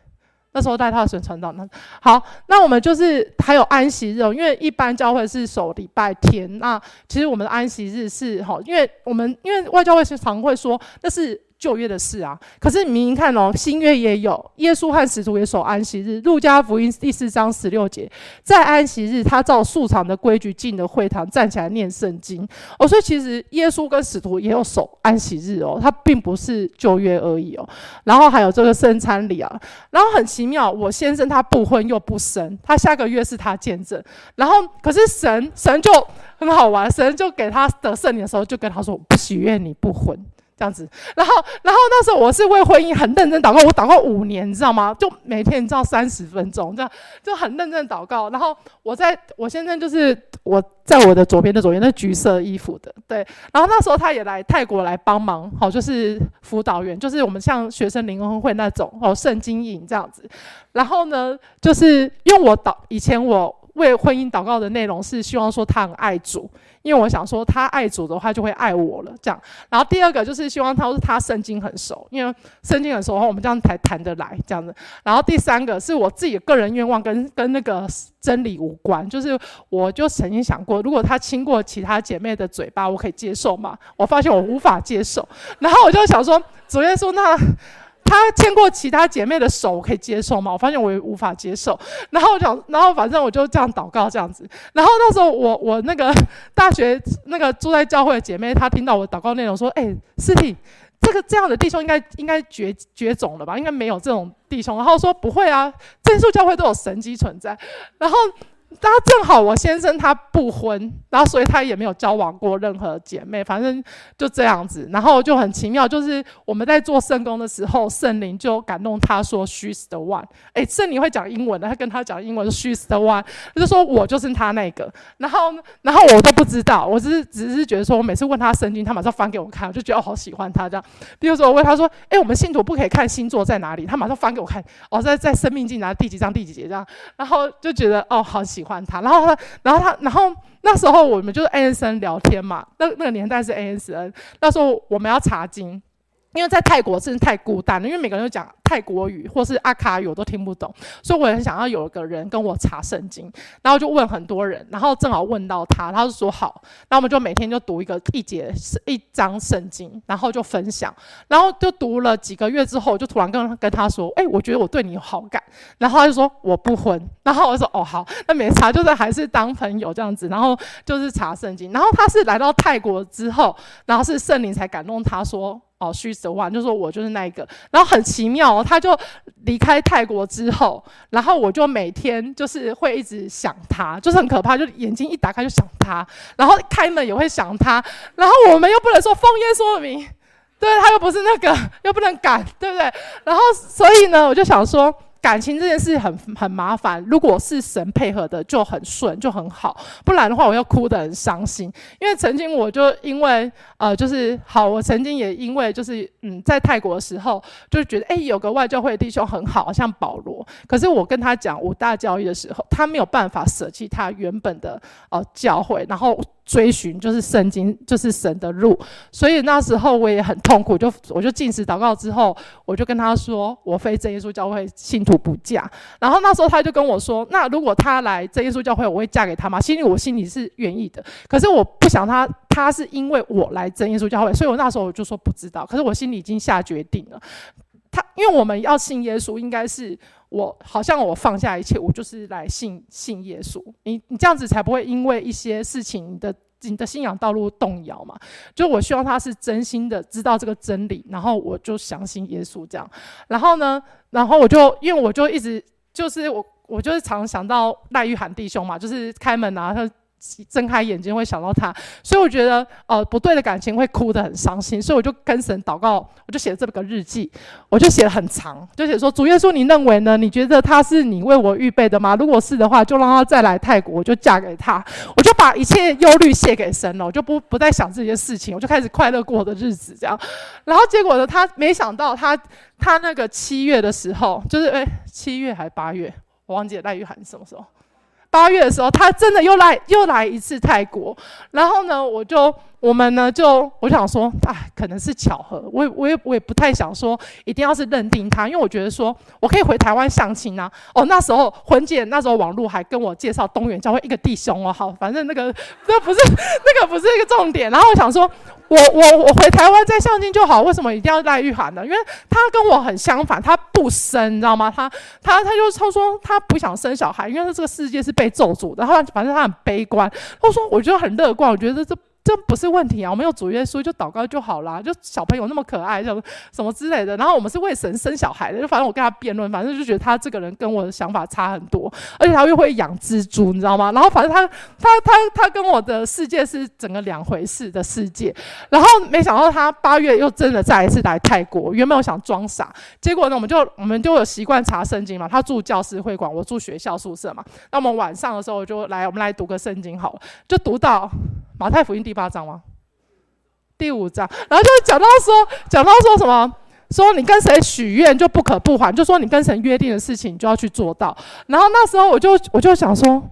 那時候賴大成傳道。那好，那我們就是還有安息日，因為一般教會是守禮拜天。那其實我們的安息日是哈，因為我們因為外教會是常常會說那是。舊約的事啊，可是你明明看哦、喔，新約也有，耶穌和使徒也守安息日。路加福音第四章十六節，在安息日，他照素常的規矩進了會堂，站起來念聖經。哦，所以其實耶穌跟使徒也有守安息日哦、喔，他並不是舊約而已哦、喔。然後還有這個聖餐禮啊，然後很奇妙，我先生他不婚又不生，他下個月是他見證。然後可是神神就很好玩，神就給他得聖禮的時候，就跟他說：我不許願你不婚。這樣子，然後，然後那時候我是為婚姻很認真禱告，我禱告五年，你知道嗎？就每天你知道三十分鐘，這樣就很認真禱告。然後我在我現在就是我在我的左邊的左邊，那橘色衣服的，對。然後那時候他也來泰國來幫忙，好、哦，就是輔導員，就是我們像學生靈恩會那種哦，聖經營這樣子。然後呢，就是用我導以前我。為婚姻禱告的內容是希望說他很愛主，因為我想說他愛主的話就會愛我了，這樣。然後第二個就是希望他說他聖經很熟，因為聖經很熟的話，我們這樣才談得來這樣子。然後第三個是我自己的個人願望，跟跟那個真理無關。就是我就曾經想過，如果他親過其他姐妹的嘴巴，我可以接受嗎？我發現我無法接受。然後我就想說，昨天說那。他牽過其他姐妹的手，我可以接受嗎？我發現我也無法接受。然後我就，然後反正我就這樣禱告，這樣子。然後那時候，我我那個大學那個住在教會的姐妹，她聽到我禱告內容，說：“哎，思婷，這個這樣的弟兄應該應該絕絕種了吧？應該沒有這種弟兄。”然後說：“不會啊，正數教會都有神蹟存在。”然後。然後正好，我先生他不婚，然後所以他也沒有交往過任何姐妹，反正就這樣子。然後就很奇妙，就是我們在做聖工的時候，聖靈就感動他說，She's the one、欸。哎，聖靈會講英文的，他跟他講英文，She's the one，他就說我就是他那個。然後，然後我都不知道，我只是只是覺得說，我每次問他聖經，他馬上翻給我看，我就覺得我、哦、好喜歡他這樣。比如說我問他說，哎、欸，我們信徒不可以看星座在哪裡，他馬上翻給我看，哦，在在申命記哪第幾章第幾節這樣，然後就覺得哦好喜歡他，然後他，然後他，然後那時候我們就是 MSN 聊天嘛，那那個年代是 MSN。那時候我們要查經，因為在泰國真的太孤單了，因為每個人都講。泰國語或是阿卡語我都聽不懂，所以我也很想要有一個人跟我查聖經，然後就問很多人，然後正好問到他，他就說好，那我們就每天就讀一個一節一章聖經，然後就分享，然後就讀了幾個月之後，就突然跟跟他說，哎、欸，我覺得我對你有好感，然後他就說我不婚，然後我說哦好，那沒差就是還是當朋友這樣子，然後就是查聖經，然後他是來到泰國之後，然後是聖靈才感動他說哦，虛實話，就說我就是那一個，然後很奇妙。他就離開泰國之後，然後我就每天就是會一直想他，就是很可怕，就眼睛一打開就想他，然後開門也會想他，然後我們又不能說封煙說明，對，他又不是那個，又不能敢，對不對？然後所以呢，我就想說。感情這件事很很麻煩，如果是神配合的就很順就很好，不然的話我要哭得很傷心。因為曾經我就因為呃就是好，我曾經也因為就是嗯在泰國的時候就覺得哎、欸、有個外教會的弟兄很好，像保羅，可是我跟他講五大教義的時候，他沒有辦法舍棄他原本的呃教會，然後。追尋就是聖經，就是神的路，所以那時候我也很痛苦，就我就禁食禱告之後，我就跟他說，我非真耶穌教會信徒不嫁。然後那時候他就跟我說，那如果他來真耶穌教會，我會嫁給他嗎？心裡我心裡是願意的，可是我不想他，他是因為我來真耶穌教會，所以我那時候我就說不知道。可是我心裡已經下決定了，他因為我們要信耶穌，應該是。我好像我放下一切，我就是來信信耶穌。你你這樣子才不會因為一些事情，你的你的信仰道路動搖嘛。就我希望他是真心的知道這個真理，然後我就相信耶穌這樣。然後呢，然後我就因為我就一直就是我我就是常想到賴玉涵弟兄嘛，就是開門啊他。睜開眼睛會想到他，所以我覺得呃不對的感情會哭得很傷心，所以我就跟神禱告，我就寫了這麼個日記，我就寫得很長，就寫說主耶穌，你認為呢？你覺得他是你為我預備的嗎？如果是的話，就讓他再來泰國，我就嫁給他。我就把一切憂慮卸給神了，我就不不再想這些事情，我就開始快樂過我的日子這樣。然後結果呢，他沒想到他他那個七月的時候，就是誒、欸，七月還是八月，我忘記賴玉涵什麼時候。八月的時候，他真的又來，又來一次泰國，然後呢，我就。我們呢，就我想說，啊，可能是巧合。我我也我也不太想說，一定要是認定他，因為我覺得說，我可以回台灣相親啊。哦，那時候混姐那時候網絡還跟我介紹東園教會一個弟兄哦、喔，好，反正那個那不是那個不是一個重點。然後我想說，我我我回台灣再相親就好，為什麼一定要賴玉涵呢？因為他跟我很相反，他不生，你知道嗎？他他他就他說他不想生小孩，因為這個世界是被咒詛的。他反正他很悲觀，他說我覺得很樂觀，我覺得這。這不是問題啊，我們有主耶穌，就禱告就好了啊。就小朋友那麼可愛，什麼什麼之類的。然後我們是為神生小孩的，就反正我跟他辯論，反正就覺得他這個人跟我的想法差很多，而且他又會養蜘蛛，你知道嗎？然後反正他他他他跟我的世界是整個兩回事的世界。然後沒想到他八月又真的再一次來泰國，原本我想裝傻，結果呢，我們就我們就有習慣查聖經嘛。他住教師會館，我住學校宿舍嘛。那我們晚上的時候就來，我們來讀個聖經好了，就讀到。馬太福音第八章嗎？第五章，然後就講到說，講到說什麼？說你跟誰許願就不可不還，就說你跟誰約定的事情，你就要去做到。然後那時候我就，我就想說。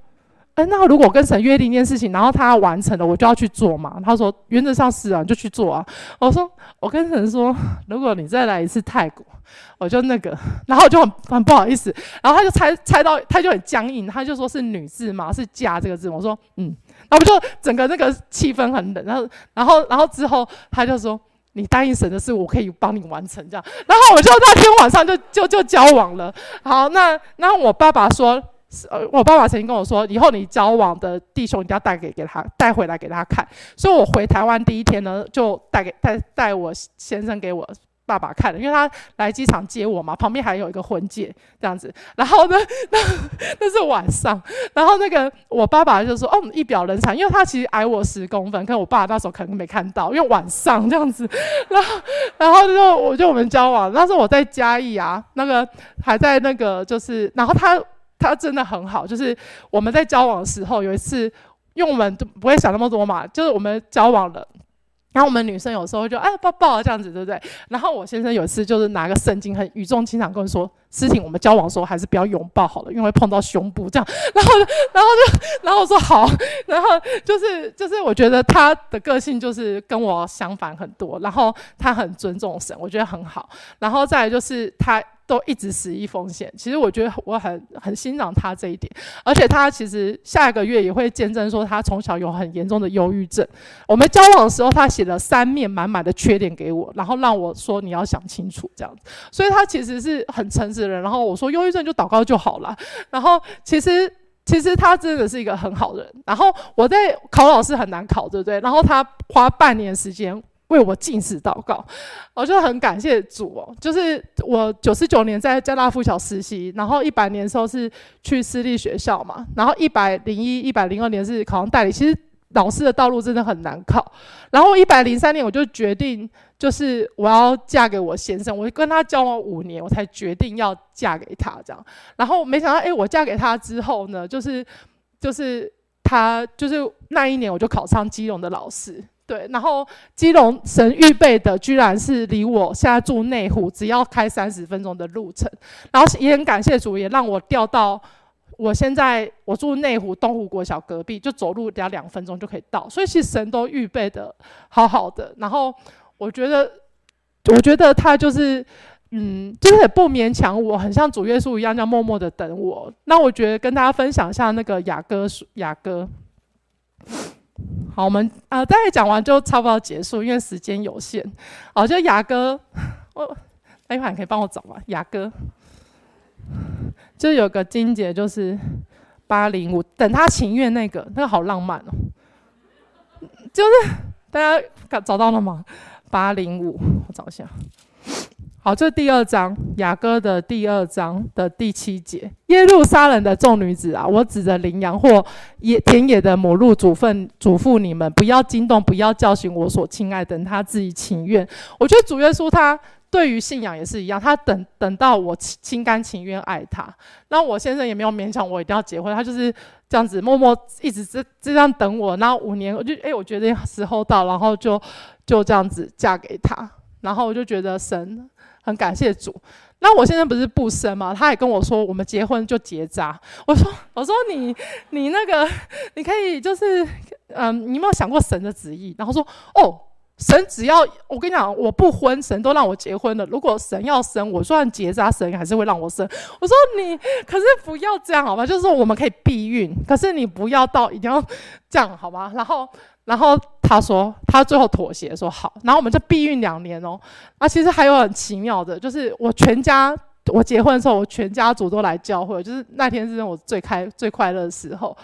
哎，那我如果跟神約定一件事情，然後他完成了，我就要去做嘛？他說原則上是，是啊，你就去做啊。我說我跟神說，如果你再來一次泰國，我就那個，然後我就很很不好意思，然後他就猜猜到，他就很僵硬，他就說是女字嘛，是嫁這個字。我說嗯，然後我就整個那個氣氛很冷。然後然後然後之後他就說，你答應神的事，我可以幫你完成這樣。然後我就那天晚上就就就交往了。好，那那我爸爸說。呃，我爸爸曾經跟我說，以後你交往的弟兄一定要帶給給他帶回來給他看。所以我回台灣第一天呢，就帶給帶帶我先生給我爸爸看了，因為他來機場接我嘛，旁邊還有一個婚戒這樣子。然後呢，那那是晚上，然後那個我爸爸就說：“哦，一表人才。”因為他其實矮我十公分，可是我爸那時候可能沒看到，因為晚上這樣子。然後，然後就我就我們交往，那時候我在嘉義啊，那個還在那個就是，然後他。他真的很好，就是我們在交往的時候，有一次用我們都不會想那麼多嘛，就是我們交往了，然後我們女生有時候就哎抱抱這樣子，對不對？然後我先生有一次就是拿個聖經，很語重心長跟我說。思婷，我們交往的時候還是不要擁抱好了，因為碰到胸部這樣，然後然後就然後，就然後我說好，然後就是就是我覺得他的個性就是跟我相反很多，然後他很尊重神，我覺得很好，然後再來就是他都一直十一奉獻，其實我覺得我很很欣賞他這一點，而且他其實下一個月也會見證說他從小有很嚴重的憂鬱症，我們交往的時候他寫了三面滿滿的缺點給我，然後讓我說你要想清楚這樣，所以他其實是很誠實的。然後我說憂鬱症就禱告就好了。然後其實其實他真的是一個很好的人。然後我在考老師很難考，對不對？然後他花半年時間為我禁食禱告，我就很感謝主哦。就是我九十九年在嘉大附小實習，然後一百年時候是去私立學校嘛，然後一百零一、一百零二年是考上代理。其實。老師的道路真的很難考，然後一百零三年我就決定，就是我要嫁給我先生，我跟他交往五年，我才決定要嫁給他這樣。然後沒想到，哎，我嫁給他之後呢，就是，就是他，就是那一年我就考上基隆的老師，對，然後基隆神預備的居然是離我現在住內湖只要開三十分鐘的路程，然後也很感謝主，也讓我調到。我現在我住內湖東湖國小隔壁，就走路只要兩分鐘就可以到，所以其實神都預備的好好的。然後我覺得，我覺得他就是，嗯，就是也不勉強我，很像主耶穌一樣，叫默默的等我。那我覺得跟大家分享一下那個雅歌，雅歌。好，我們啊，大概講完就差不多結束，因為時間有限。好，就雅歌，我那一會兒可以幫我找嗎？雅歌。就有個金姐，就是八零五，等她情願那個，那個好浪漫哦。就是大家找到了嗎？八零五，我找一下。好，這第二章雅歌的第二章的第七節，耶路撒冷的眾女子啊，我指着羚羊或野田野的母鹿，囑咐囑咐你們，不要驚動，不要叫醒我所親愛的，他自己情願。我覺得主耶穌他對於信仰也是一樣，他等等到我心甘情願愛他。那我先生也沒有勉強我一定要結婚，他就是這樣子默默一直這這樣等我。那五年我就哎、欸，我覺得時候到，然後就就這樣子嫁給他。然後我就覺得神。很感謝主，那我現在不是不生嗎？他也跟我說，我們結婚就結紮。我說，我說你你那個，你可以就是，嗯，你有沒有想過神的旨意？然後說，哦，神只要我跟你講，我不婚，神都讓我結婚了。如果神要生，我算結紮，神還是會讓我生。我說你，可是不要這樣好嗎？就是說我們可以避孕，可是你不要到一定要這樣好嗎？然後。然後他說，他最後妥協，說好。然後我們就避孕兩年哦。那、啊、其實還有很奇妙的，就是我全家，我結婚的時候，我全家族都來教會，就是那天是我最開最快樂的時候。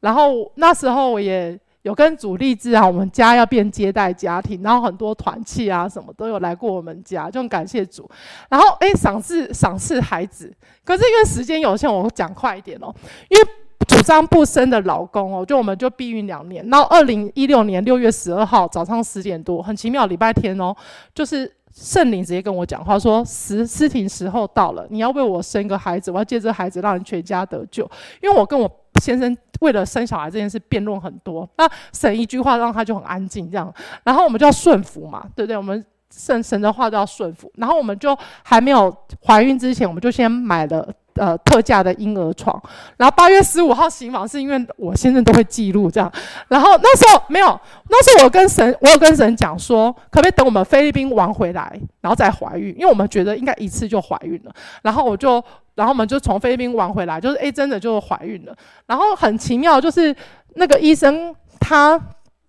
然後那時候我也有跟主立志啊，我們家要變接待家庭，然後很多團契啊什麼都有來過我們家，就很感謝主。然後哎，賞賜賞賜孩子。可是因為時間有限，我講快一點哦，因為。主張不生的老公哦，就我們就避孕兩年，然後二零一六年六月十二號早上十點多，很奇妙，禮拜天哦、喔，就是聖靈直接跟我講話說，思婷，時候到了，你要為我生個孩子，我要借這孩子讓人全家得救。因為我跟我先生為了生小孩這件事辯論很多，那神一句話讓他就很安靜這樣，然後我們就要順服嘛，對不對？我們。神神的話都要順服，然後我們就還沒有懷孕之前，我們就先買了呃特價的嬰兒床。然後八月十五號行房是因為我先生都會記錄這樣，然後那時候沒有，那時候我跟神，我有跟神講說，可不可以等我們菲律賓玩回來，然後再懷孕？因為我們覺得應該一次就懷孕了。然後我就，然後我們就從菲律賓玩回來，就是誒真的就懷孕了。然後很奇妙，就是那個醫生他。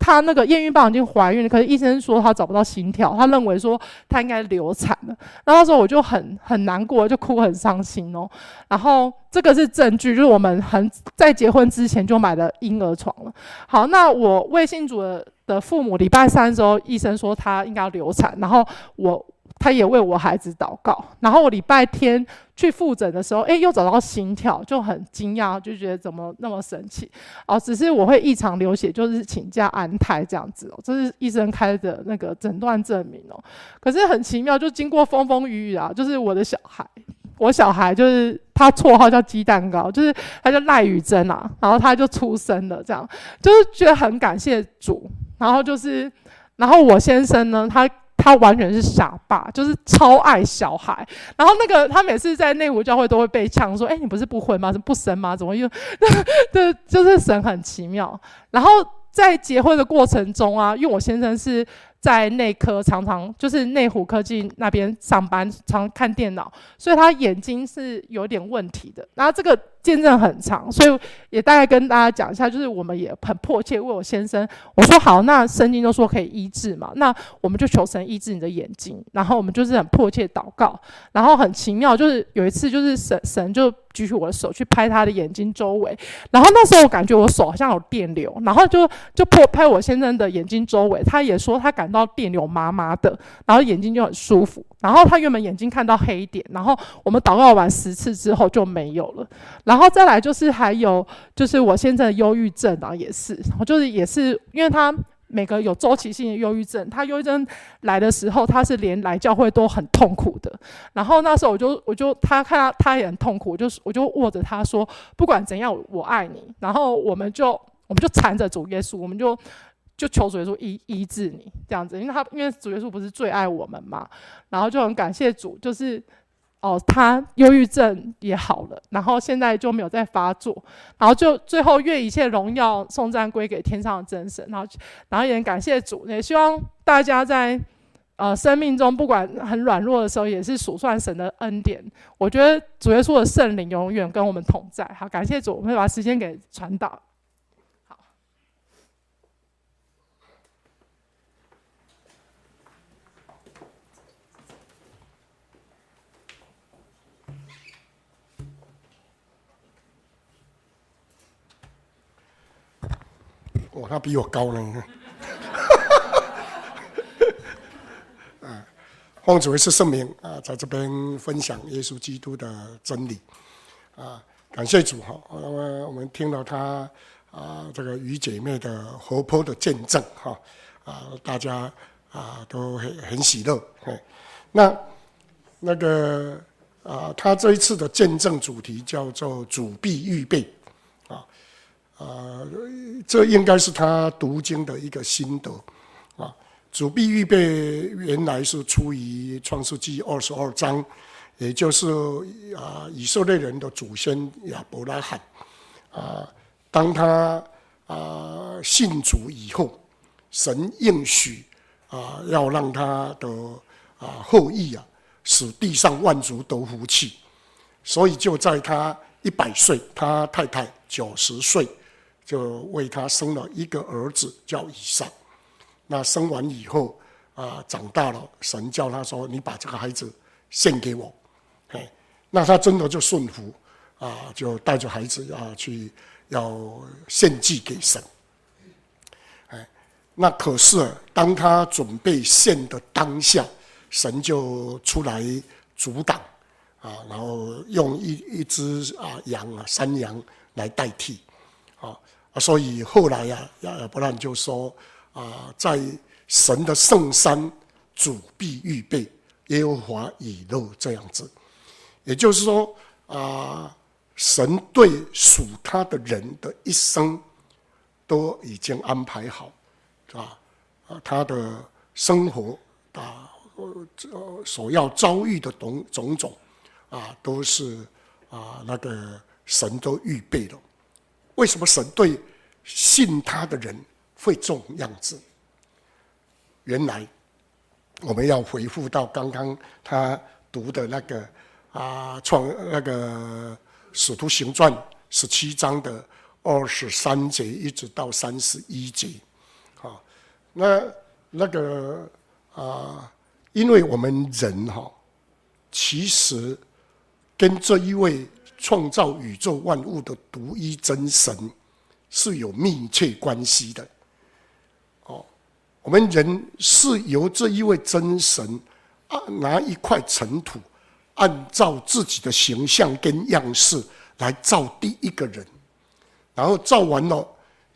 她那個驗孕棒已經懷孕了，可是醫生說她找不到心跳，他認為說她應該流產了。那時候我就很很難過，就哭很傷心哦。然後這個是證據，就是我們很在結婚之前就買了嬰兒床了。好，那我未信主的父母禮拜三的時候，醫生說她應該要流產，然後我。他也為我孩子禱告，然後我禮拜天去複診的時候，誒，又找到心跳，就很驚訝，就覺得怎麼那麼神奇哦。只是我會異常流血，就是請假安胎這樣子哦。這是醫生開的那個診斷證明哦。可是很奇妙，就經過風風雨雨啊，就是我的小孩，我小孩就是他綽號叫雞蛋糕，就是他叫賴雨珍啊，然後他就出生了，這樣就是覺得很感謝主，然後就是，然後我先生呢，他。他完全是傻爸，就是超愛小孩。然後那個他每次在內湖教會都會被嗆說：“哎、欸，你不是不婚嗎？是不生嗎？怎麼又……對， 就是神很奇妙。”然後在結婚的過程中啊，因為我先生是在內科，常常就是內湖科技那邊上班，常看電腦，所以他眼睛是有點問題的。然後這個。見證很長，所以也大概跟大家講一下，就是我們也很迫切為我先生。我說好，那聖經都說可以醫治嘛，那我們就求神醫治你的眼睛。然後我們就是很迫切禱告，然後很奇妙，就是有一次就是神神就舉起我的手去拍他的眼睛周圍，然後那時候我感覺我手好像有電流，然後就就破拍我先生的眼睛周圍，他也說他感到電流麻麻的，然後眼睛就很舒服。然後他原本眼睛看到黑點，然後我們禱告完十次之後就沒有了。然後再來就是還有就是我現在的憂鬱症啊，也是，就是也是因為他每個有周期性的憂鬱症，他憂鬱症來的時候，他是連來教會都很痛苦的。然後那時候我就我就他看到他，他也很痛苦，我就我就握着他說，不管怎樣，我，我愛你。然後我們就我們就纏着主耶穌，我們就就求主耶穌醫醫治你這樣子，因為他因為主耶穌不是最愛我們嘛，然後就很感謝主，就是。哦，他憂鬱症也好了，然後現在就沒有再發作，然後就最後願一切榮耀頌讚歸給天上的真神，然後然後也感謝主，也希望大家在呃生命中不管很軟弱的時候，也是數算神的恩典。我覺得主耶穌的聖靈永遠跟我們同在，好，感謝主，我們把時間給傳道。哦，他比我高呢。 啊，奉主為是聖明啊，在這邊分享耶穌基督的真理啊，感謝主哈！那、啊、麼我們聽到他啊，這個喻姐妹的活潑的見證哈啊，大家啊都很很喜樂。啊、那那個啊，他這一次的見證主題叫做主必預備啊。啊，這應該是他讀經的一個心得啊。主必預備，原來是出於創世記二十二章，也就是啊，以色列人的祖先亞伯拉罕啊，當他啊信主以後，神應許啊要讓他的啊後裔啊使地上萬族都得福，所以就在他一百歲，他太太九十歲，就為他生了一個兒子，叫以撒。那生完以後啊，長大了，神叫他說：“你把這個孩子獻給我。”哎，那他真的就順服啊，就帶着孩子啊去要獻祭給神。哎，那可是當他準備獻的當下，神就出來阻擋啊，然後用一一隻啊羊啊山羊來代替。啊，所以後來呀、啊，亞伯拉罕就說：“啊，在神的聖山，主必預備耶和華以勒這樣子。”也就是說，啊，神對屬他的人的一生，都已經安排好，是吧？啊，他的生活啊，所要遭遇的種種，種，啊，都是啊，那個神都預備的。為什麼神對信他的人會這種樣子？原來我們要回復到剛剛他讀的那個啊，創那個《使徒行傳》十七章的二十三節一直到三十一節，好、哦，那那個啊，因為我們人哈、哦，其實跟這一位。創造宇宙萬物的獨一真神是有密切關係的。哦，我們人是由這一位真神啊，拿一塊塵土，按照自己的形象跟樣式來造第一個人，然後造完了，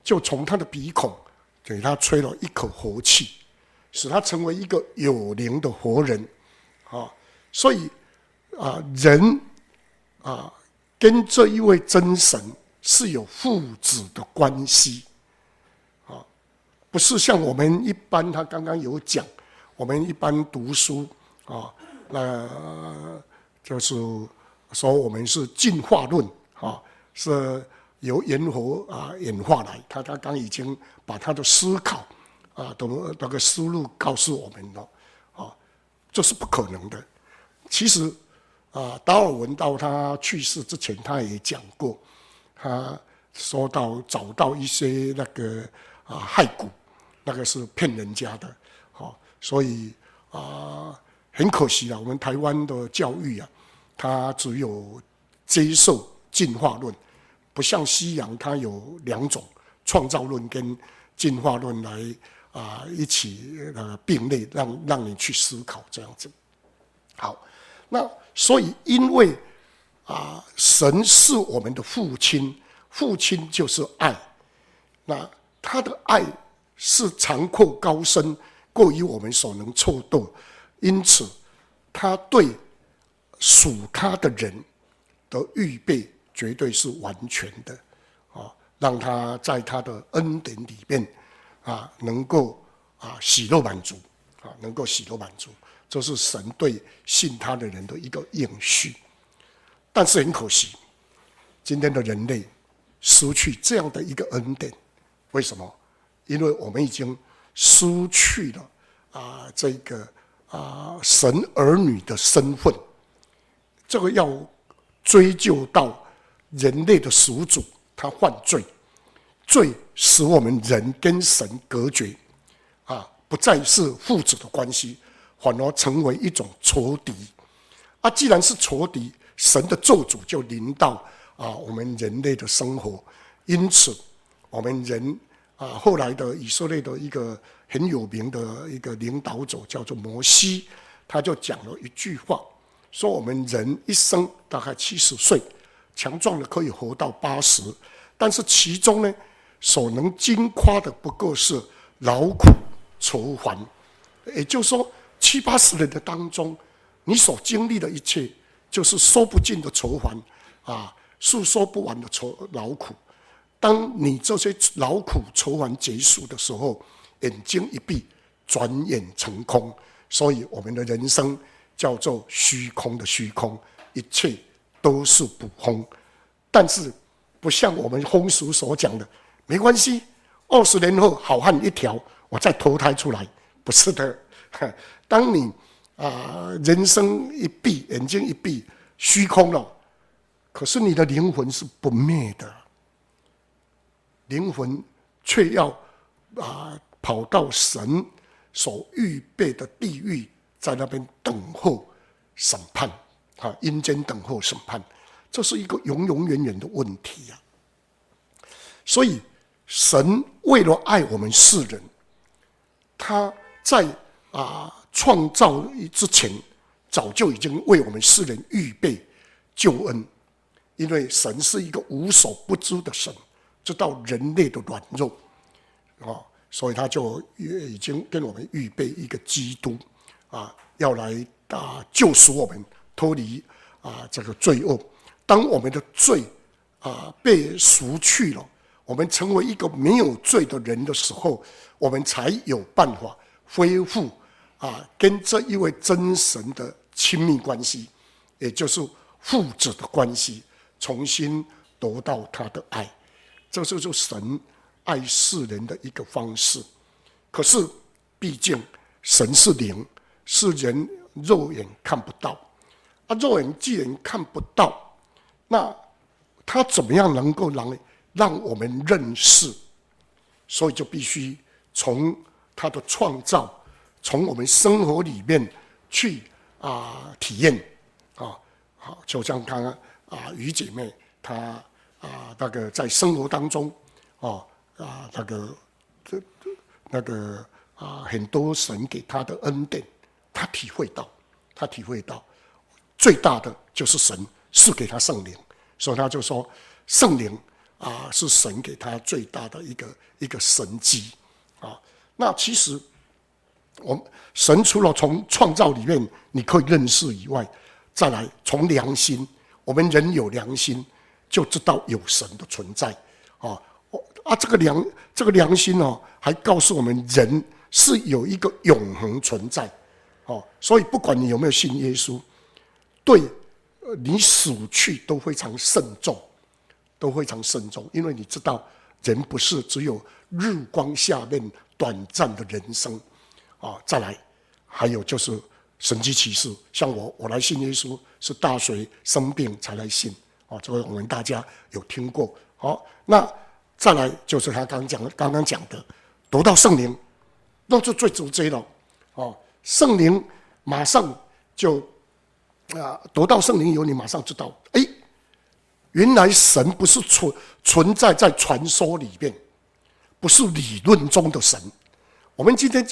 就從他的鼻孔給他吹了一口活氣，使他成為一個有靈的活人。啊，所以啊，人啊。跟這一位真神是有父子的關係，啊，不是像我們一般，他剛剛有講，我們一般讀書啊，那就是說我們是進化論啊，是由猿猴啊演化來。他他剛已經把他的思考啊，都那個思路告訴我們了，啊，這是不可能的。其實。啊，達爾文到他去世之前，他也講過，他說到找到一些那個啊骸骨，那個是騙人家的，好、哦，所以啊很可惜啊，我們台灣的教育啊，它只有接受進化論，不像西洋，它有兩種創造論跟進化論來啊一起那個、啊、並列，讓讓你去思考這樣子。好，那。所以，因為啊，神是我們的父親，父親就是愛。那他的愛是長闊高深，過於我們所能測度，因此，他對屬他的人的預備絕對是完全的啊，讓他在他的恩典裡面啊，能夠啊喜樂滿足啊，能夠喜樂滿足。這、就是神對信他的人的一個應許，但是很可惜，今天的人類失去這樣的一個恩典。為什麼？因為我們已經失去了啊，這個啊，神兒女的身份。這個要追究到人類的始祖，他犯罪，罪使我們人跟神隔絕，啊，不再是父子的關係。反而成為一種仇敵啊！既然是仇敵，神的咒詛就臨到啊！我們人類的生活，因此我們人啊，後來的以色列的一個很有名的一個領導者叫做摩西，他就講了一句話：說我們人一生大概七十歲，強壯的可以活到八十，但是其中呢，所能矜誇的不過是勞苦愁煩，也就是說。七八十年的當中，你所經歷的一切，就是說不盡的愁煩，啊，訴說不完的愁勞苦。當你這些勞苦愁煩結束的時候，眼睛一閉，轉眼成空。所以，我們的人生叫做虛空的虛空，一切都是捕風。但是，不像我們風俗所講的，沒關係，二十年後好漢一條，我再投胎出來。不是的。當你啊、呃，人生一閉眼睛一閉，虛空了，可是你的靈魂是不滅的，靈魂卻要啊、呃、跑到神所預備的地獄，在那邊等候審判，啊、呃，陰間等候審判，這是一個永永遠遠的問題呀、啊。所以神為了愛我們世人，祂在啊。呃創造之前，早就已經為我們世人預備救恩，因為神是一個無所不知的神，知道人類的軟弱，啊，所以他就也已經跟我們預備一個基督，啊，要來啊救贖我們，脫離啊這個罪惡。當我們的罪啊被贖去了，我們成為一個沒有罪的人的時候，我們才有辦法恢復。啊，跟這一位真神的親密關係，也就是父子的關係，重新得到他的愛，這就是神愛世人的一個方式。可是，畢竟神是靈，世人肉眼看不到。啊，肉眼既然看不到，那他怎麼樣能夠讓讓我們認識？所以就必須從他的創造。從我們生活裡面去啊、呃、體驗啊，好、哦，就像剛剛啊，喻、呃、姐妹她啊、呃，那個在生活當中啊，啊、哦呃，那個這這那個啊、呃，很多神給她的恩典，她體會到，她體會到最大的就是神賜給她聖靈，所以她就說聖靈啊、呃、是神給她最大的一個一個神蹟啊、哦。那其實。我們神除了從創造裡面你可以認識以外，再來從良心，我們人有良心就知道有神的存在啊、哦！啊，這個良這個良心哦，還告訴我們人是有一個永恆存在哦。所以不管你有沒有信耶穌，對，你死去都非常慎重，都非常慎重，因為你知道人不是只有日光下面短暫的人生。啊、哦，再來，還有就是神蹟奇事，像我，我來信耶穌是大學生病才來信啊，這、哦、個我們大家有聽過。好、哦，那再來就是他剛講的，剛剛講的，得到聖靈，那就最直接了。哦，聖靈馬上就啊，得、呃、到聖靈以後，你馬上知道，哎，原來神不是存存在在傳說裡面，不是理論中的神，我們今天。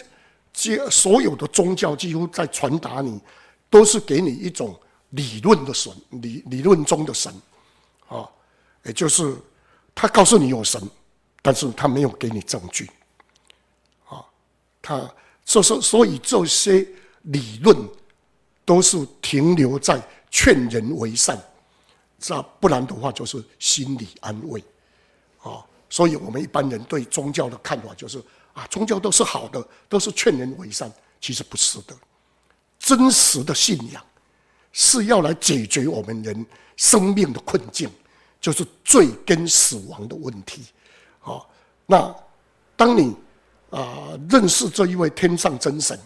這所有的宗教幾乎在傳達你，都是給你一種理論的神，理理論中的神，啊、哦，也就是他告訴你有神，但是他沒有給你證據，啊、哦，他，所、所、所以這些理論都是停留在勸人為善，是啊，不然的話就是心理安慰，啊、哦，所以我們一般人對宗教的看法就是。啊，宗教都是好的，都是勸人為善，其實不是的。真實的信仰是要來解決我們人生命的困境，就是罪跟死亡的問題。好、哦，那當你啊、呃、認識這一位天上真神，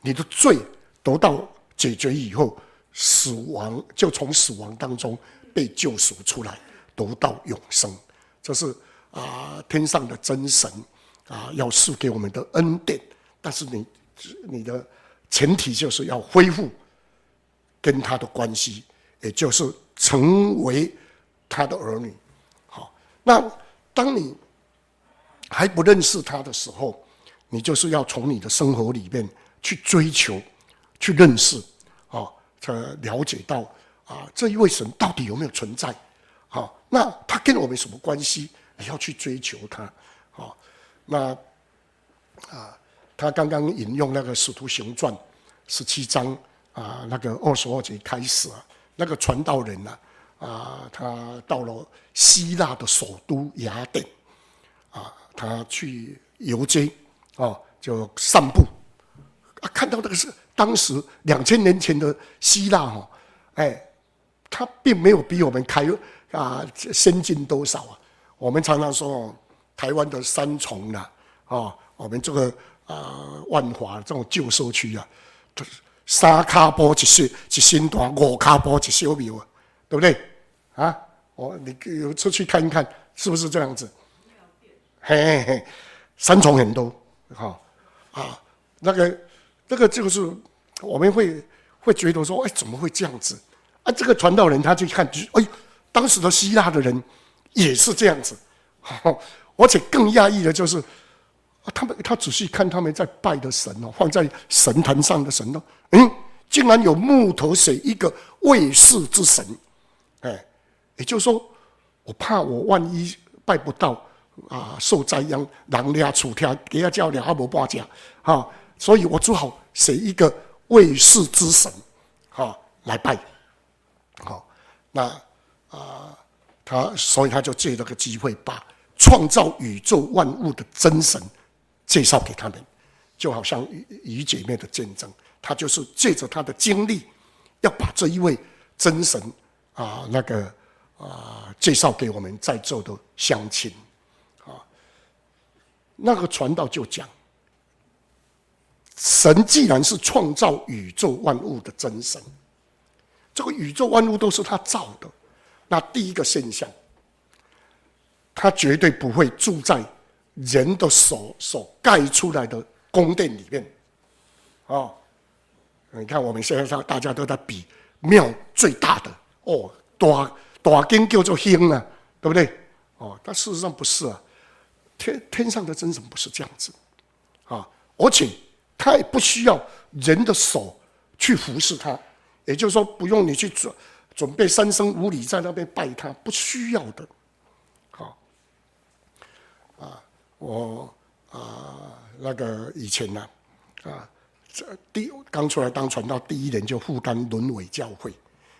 你的罪得到解決以後，死亡就從死亡當中被救贖出來，得到永生。這是啊、呃、天上的真神。啊，要賜給我們的恩典，但是你你的前提就是要恢復跟他的關係，也就是成為他的兒女。好，那當你還不認識他的時候，你就是要從你的生活裡面去追求、去認識啊，才了解到啊，這一位神到底有沒有存在？好，那他跟我們什麼關係？你要去追求他。那，啊，他剛剛引用那個《使徒行傳》十七章啊，那個二十二節開始啊，那個傳道人呢、啊，啊，他到了希臘的首都雅典，啊，他去遊街啊，就散步，啊，看到那個是當時兩千年前的希臘哈、哦，哎，他並沒有比我們開啊先進多少啊，我們常常說。台灣的三重吶，啊，我們這個這啊，萬華這種舊社區啊，三卡波只是只新東，五卡波只小廟，對不對？啊，我你出去看一看，是不是這樣子？嘿嘿，三重很多，哈，啊，那個那個就是我們會會覺得說，哎、欸，怎麼會這樣子？啊，這個傳道人他就看，哎、欸，當時的希臘的人也是這樣子，哈。而且更訝異的就是，啊，他們他仔細看他們在拜的神哦，放在神壇上的神哦，嗯，竟然有木頭寫一個未識之神，哎，也就是說，我怕我萬一拜不到啊，受災殃，難料楚天給他叫他阿伯報價哈，所以我只好寫一個未識之神哈、哦、來拜，好、哦，那啊、呃，他所以他就借這個機會吧。創造宇宙萬物的真神，介紹給他們，就好像喻姐妹的見證，她就是借着她的經歷，要把這一位真神啊，那個啊，介紹給我們在座的鄉親啊。那個傳道就講，神既然是創造宇宙萬物的真神，這個宇宙萬物都是他造的，那第一個現象。他絕對不會住在人的手所蓋出來的宮殿裡面，啊、哦！你看我們現在大家都在比廟最大的哦，大大殿叫做興呢，對不對？哦，但事實上不是啊。天天上的真神不是這樣子啊、哦，而且他也不需要人的手去服侍他，也就是說，不用你去準準備三牲五禮在那邊拜他，不需要的。我啊、呃，那個以前呢、啊，啊，這第剛出來當傳道第一年就負擔淪為教會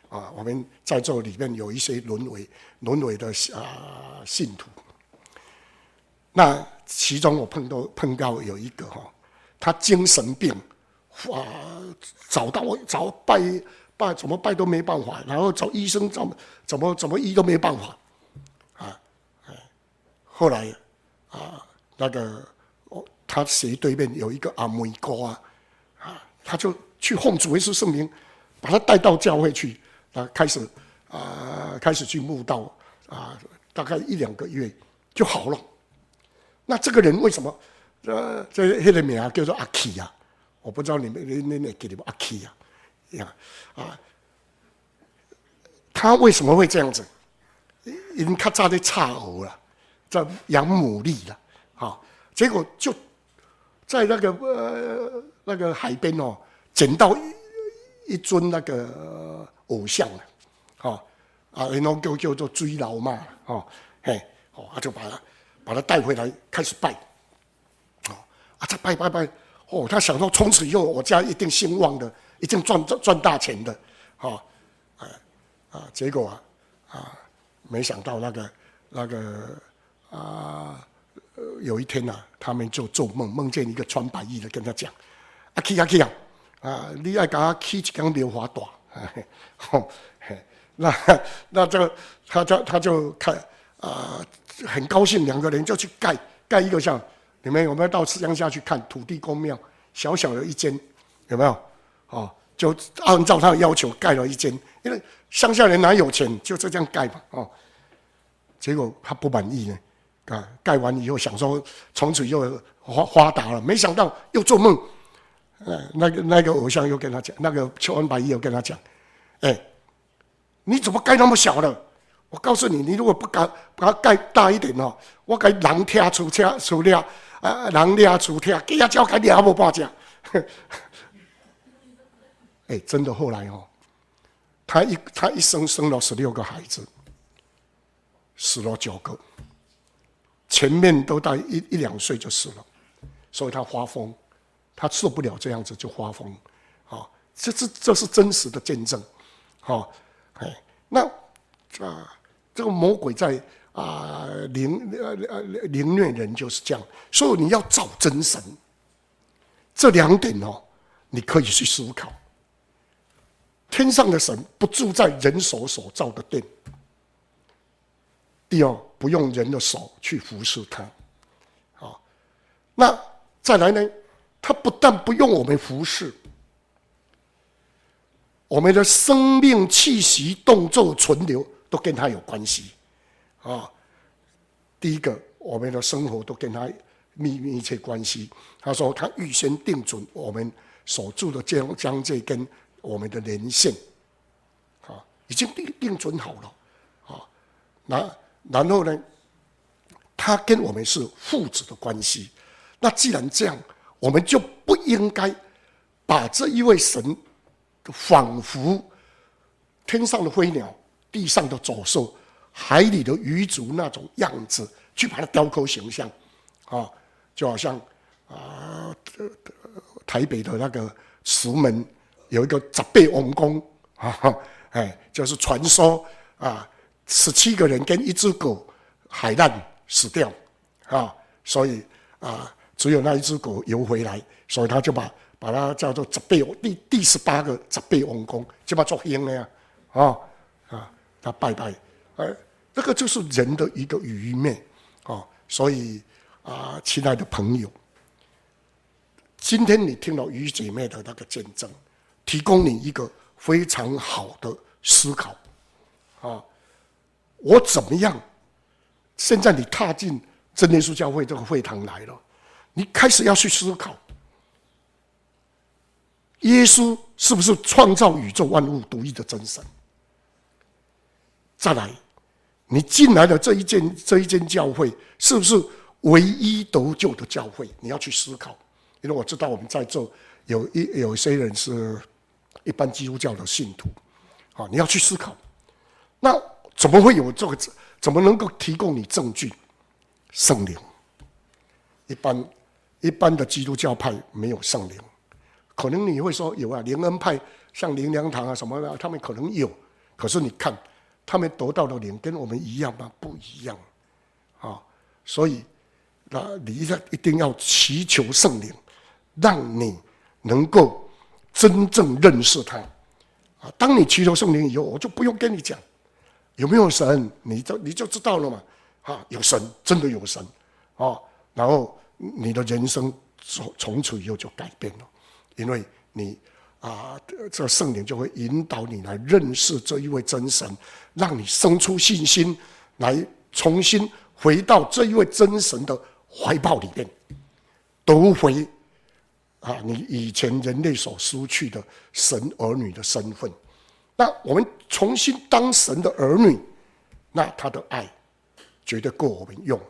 啊，我們在座裡面有一些淪為淪為的啊信徒。那其中我碰到碰到有一個哈、哦，他精神病，啊，找到我，找拜拜怎麼拜都沒辦法，然後找醫生怎麼怎麼怎麼醫都沒辦法，啊，後來啊。那個哦，他斜對面有一個阿美哥啊，啊，他就去奉主耶穌聖名，把他帶到教會去，啊，開始啊、呃，開始去慕道啊，大概一兩個月就好了。那這個人為什麼、呃、這這那個名叫做阿奇啊，我不知道你們那那叫什麼阿奇啊，呀、嗯、啊，他為什麼會這樣子？已經咔嚓在差額了，在養牡蠣了。啊，結果就在那個呃那個海邊哦，撿到一一尊那個偶像啊。啊，然後就叫做水流媽啊嘿哦，他、哦啊、就把他把他帶回來，開始拜，哦、啊，他拜拜拜，哦，他想到從此以後我家一定興旺的，一定賺賺賺大錢的，啊、哦，哎啊，結果啊啊，沒想到那個那個啊。呃，有一天吶、啊，他們就做夢，夢見一個穿白衣的跟他講：“啊 kie 阿 kie 啊，啊，你愛搞 kie 一根流華短。嘿”哦，嘿那那這他他他就看啊、呃，很高興，兩個人就去蓋蓋一個像你們有沒有到鄉下去看土地公廟？小小的一間有沒有？哦，就按照他的要求蓋了一間，因為鄉下人哪有錢，就這樣蓋吧哦。結果他不滿意呢。啊，蓋完以後想說從此又發發達了，沒想到又做夢。啊，那個那個偶像又跟他講，那個邱文白又跟他講，哎，你怎麼蓋那麼小了？我告訴你，你如果不敢把它蓋大一點哦，我蓋狼貼出貼出裂啊，狼裂鼠給他交叫你，也不罷只。哎，真的，後來哦，他一他一生生了十六個孩子，死了九個。前面都到一一，一兩歲就死了，所以他發瘋，他受不了這樣子就發瘋，啊、哦，這這這是真實的見證，好、哦，哎，那這、呃、這個魔鬼在啊凌呃呃凌虐人就是這樣，所以你要找真神，這兩點哦，你可以去思考。天上的神不住在人手所造的殿，第二、哦。不用人的手去服侍他，啊，那再來呢？他不但不用我們服侍，我們的生命氣息、動作、存留都跟他有關係，啊，第一個，我們的生活都跟他密密切關係。他說，他預先定準我們所住的疆疆界跟我們的人性，啊，已經定定準好了，啊，那。然後呢，他跟我們是父子的關係。那既然這樣，我們就不應該把這一位神，仿佛天上的飛鳥、地上的走獸、海裡的魚族那種樣子，去把它雕刻形象，啊、哦，就好像啊、呃，台北的那個石門有一個十八王公，哎、哦，就是傳說啊。呃十七個人跟一隻狗海難死掉，啊，所以啊，只有那一隻狗游回來，所以他就把把它叫做“十八第第十八個十八王公“十八王公，就把它做英雄了啊啊，他拜拜，哎、啊，這、那個就是人的一個愚昧啊,所以啊，親愛的朋友，今天你聽到喻姐妹的那個見證，提供你一個非常好的思考，啊。我怎麼樣？現在你踏進真耶穌教會這個會堂來了，你開始要去思考：耶穌是不是創造宇宙萬物獨一的真神？再來，你進來的這一間這一間教會是不是唯一得救的教會？你要去思考。因為我知道我們在座有一有一些人是一般基督教的信徒，啊，你要去思考。那。怎麼會有這個？怎麼能夠提供你證據？聖靈，一般一般的基督教派，沒有聖靈，可能你會說有啊，靈恩派像靈糧堂啊什麼的，他們可能有。可是你看他們得到的靈跟我們一樣嗎？不一樣啊，哦！所以那你要一定要祈求聖靈，讓你能夠真正認識他啊！當你祈求聖靈以後，我就不用跟你講。有沒有神？你就你就知道了嘛？啊，有神，真的有神，啊，然後你的人生從從此以後就改變了，因為你啊，這個聖靈就會引導你來認識這一位真神，讓你生出信心，來重新回到這一位真神的懷抱裡面，奪回啊你以前人類所失去的神兒女的身份。那我們重新當神的兒女，那他的愛絕對夠我們用，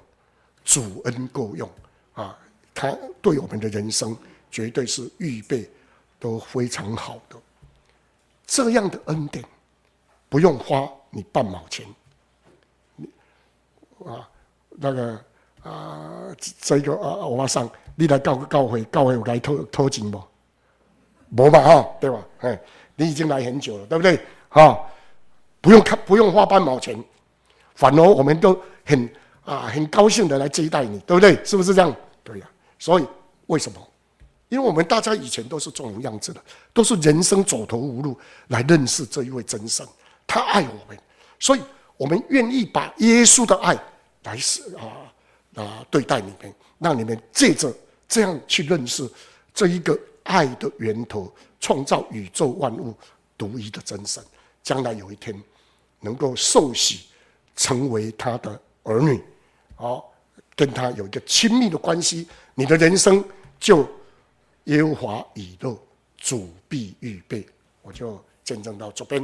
主恩夠用啊！他對我們的人生絕對是預備都非常好的，這樣的恩典不用花你半毛錢，你啊那個啊這個啊歐巴桑，你來告教告教，我來偷偷緊錢不？無吧哈，對吧？哎。你已經來很久了，對不對？哈、哦，不用看，不用花半毛錢，反而我們都很啊，很高興的來接待你，對不對？是不是這樣？對呀、啊。所以為什麼？因為我們大家以前都是這種樣子的，都是人生走投無路來認識這一位真神，他愛我們，所以我們願意把耶穌的愛來是啊啊對待你們，讓你們借着這樣去認識這一個愛的源頭，創造宇宙萬物，獨一的真神。將來有一天，能夠受洗，成為他的兒女，好跟他有一個親密的關係，你的人生就耶和華以勒，主必預備。我就見證到這邊。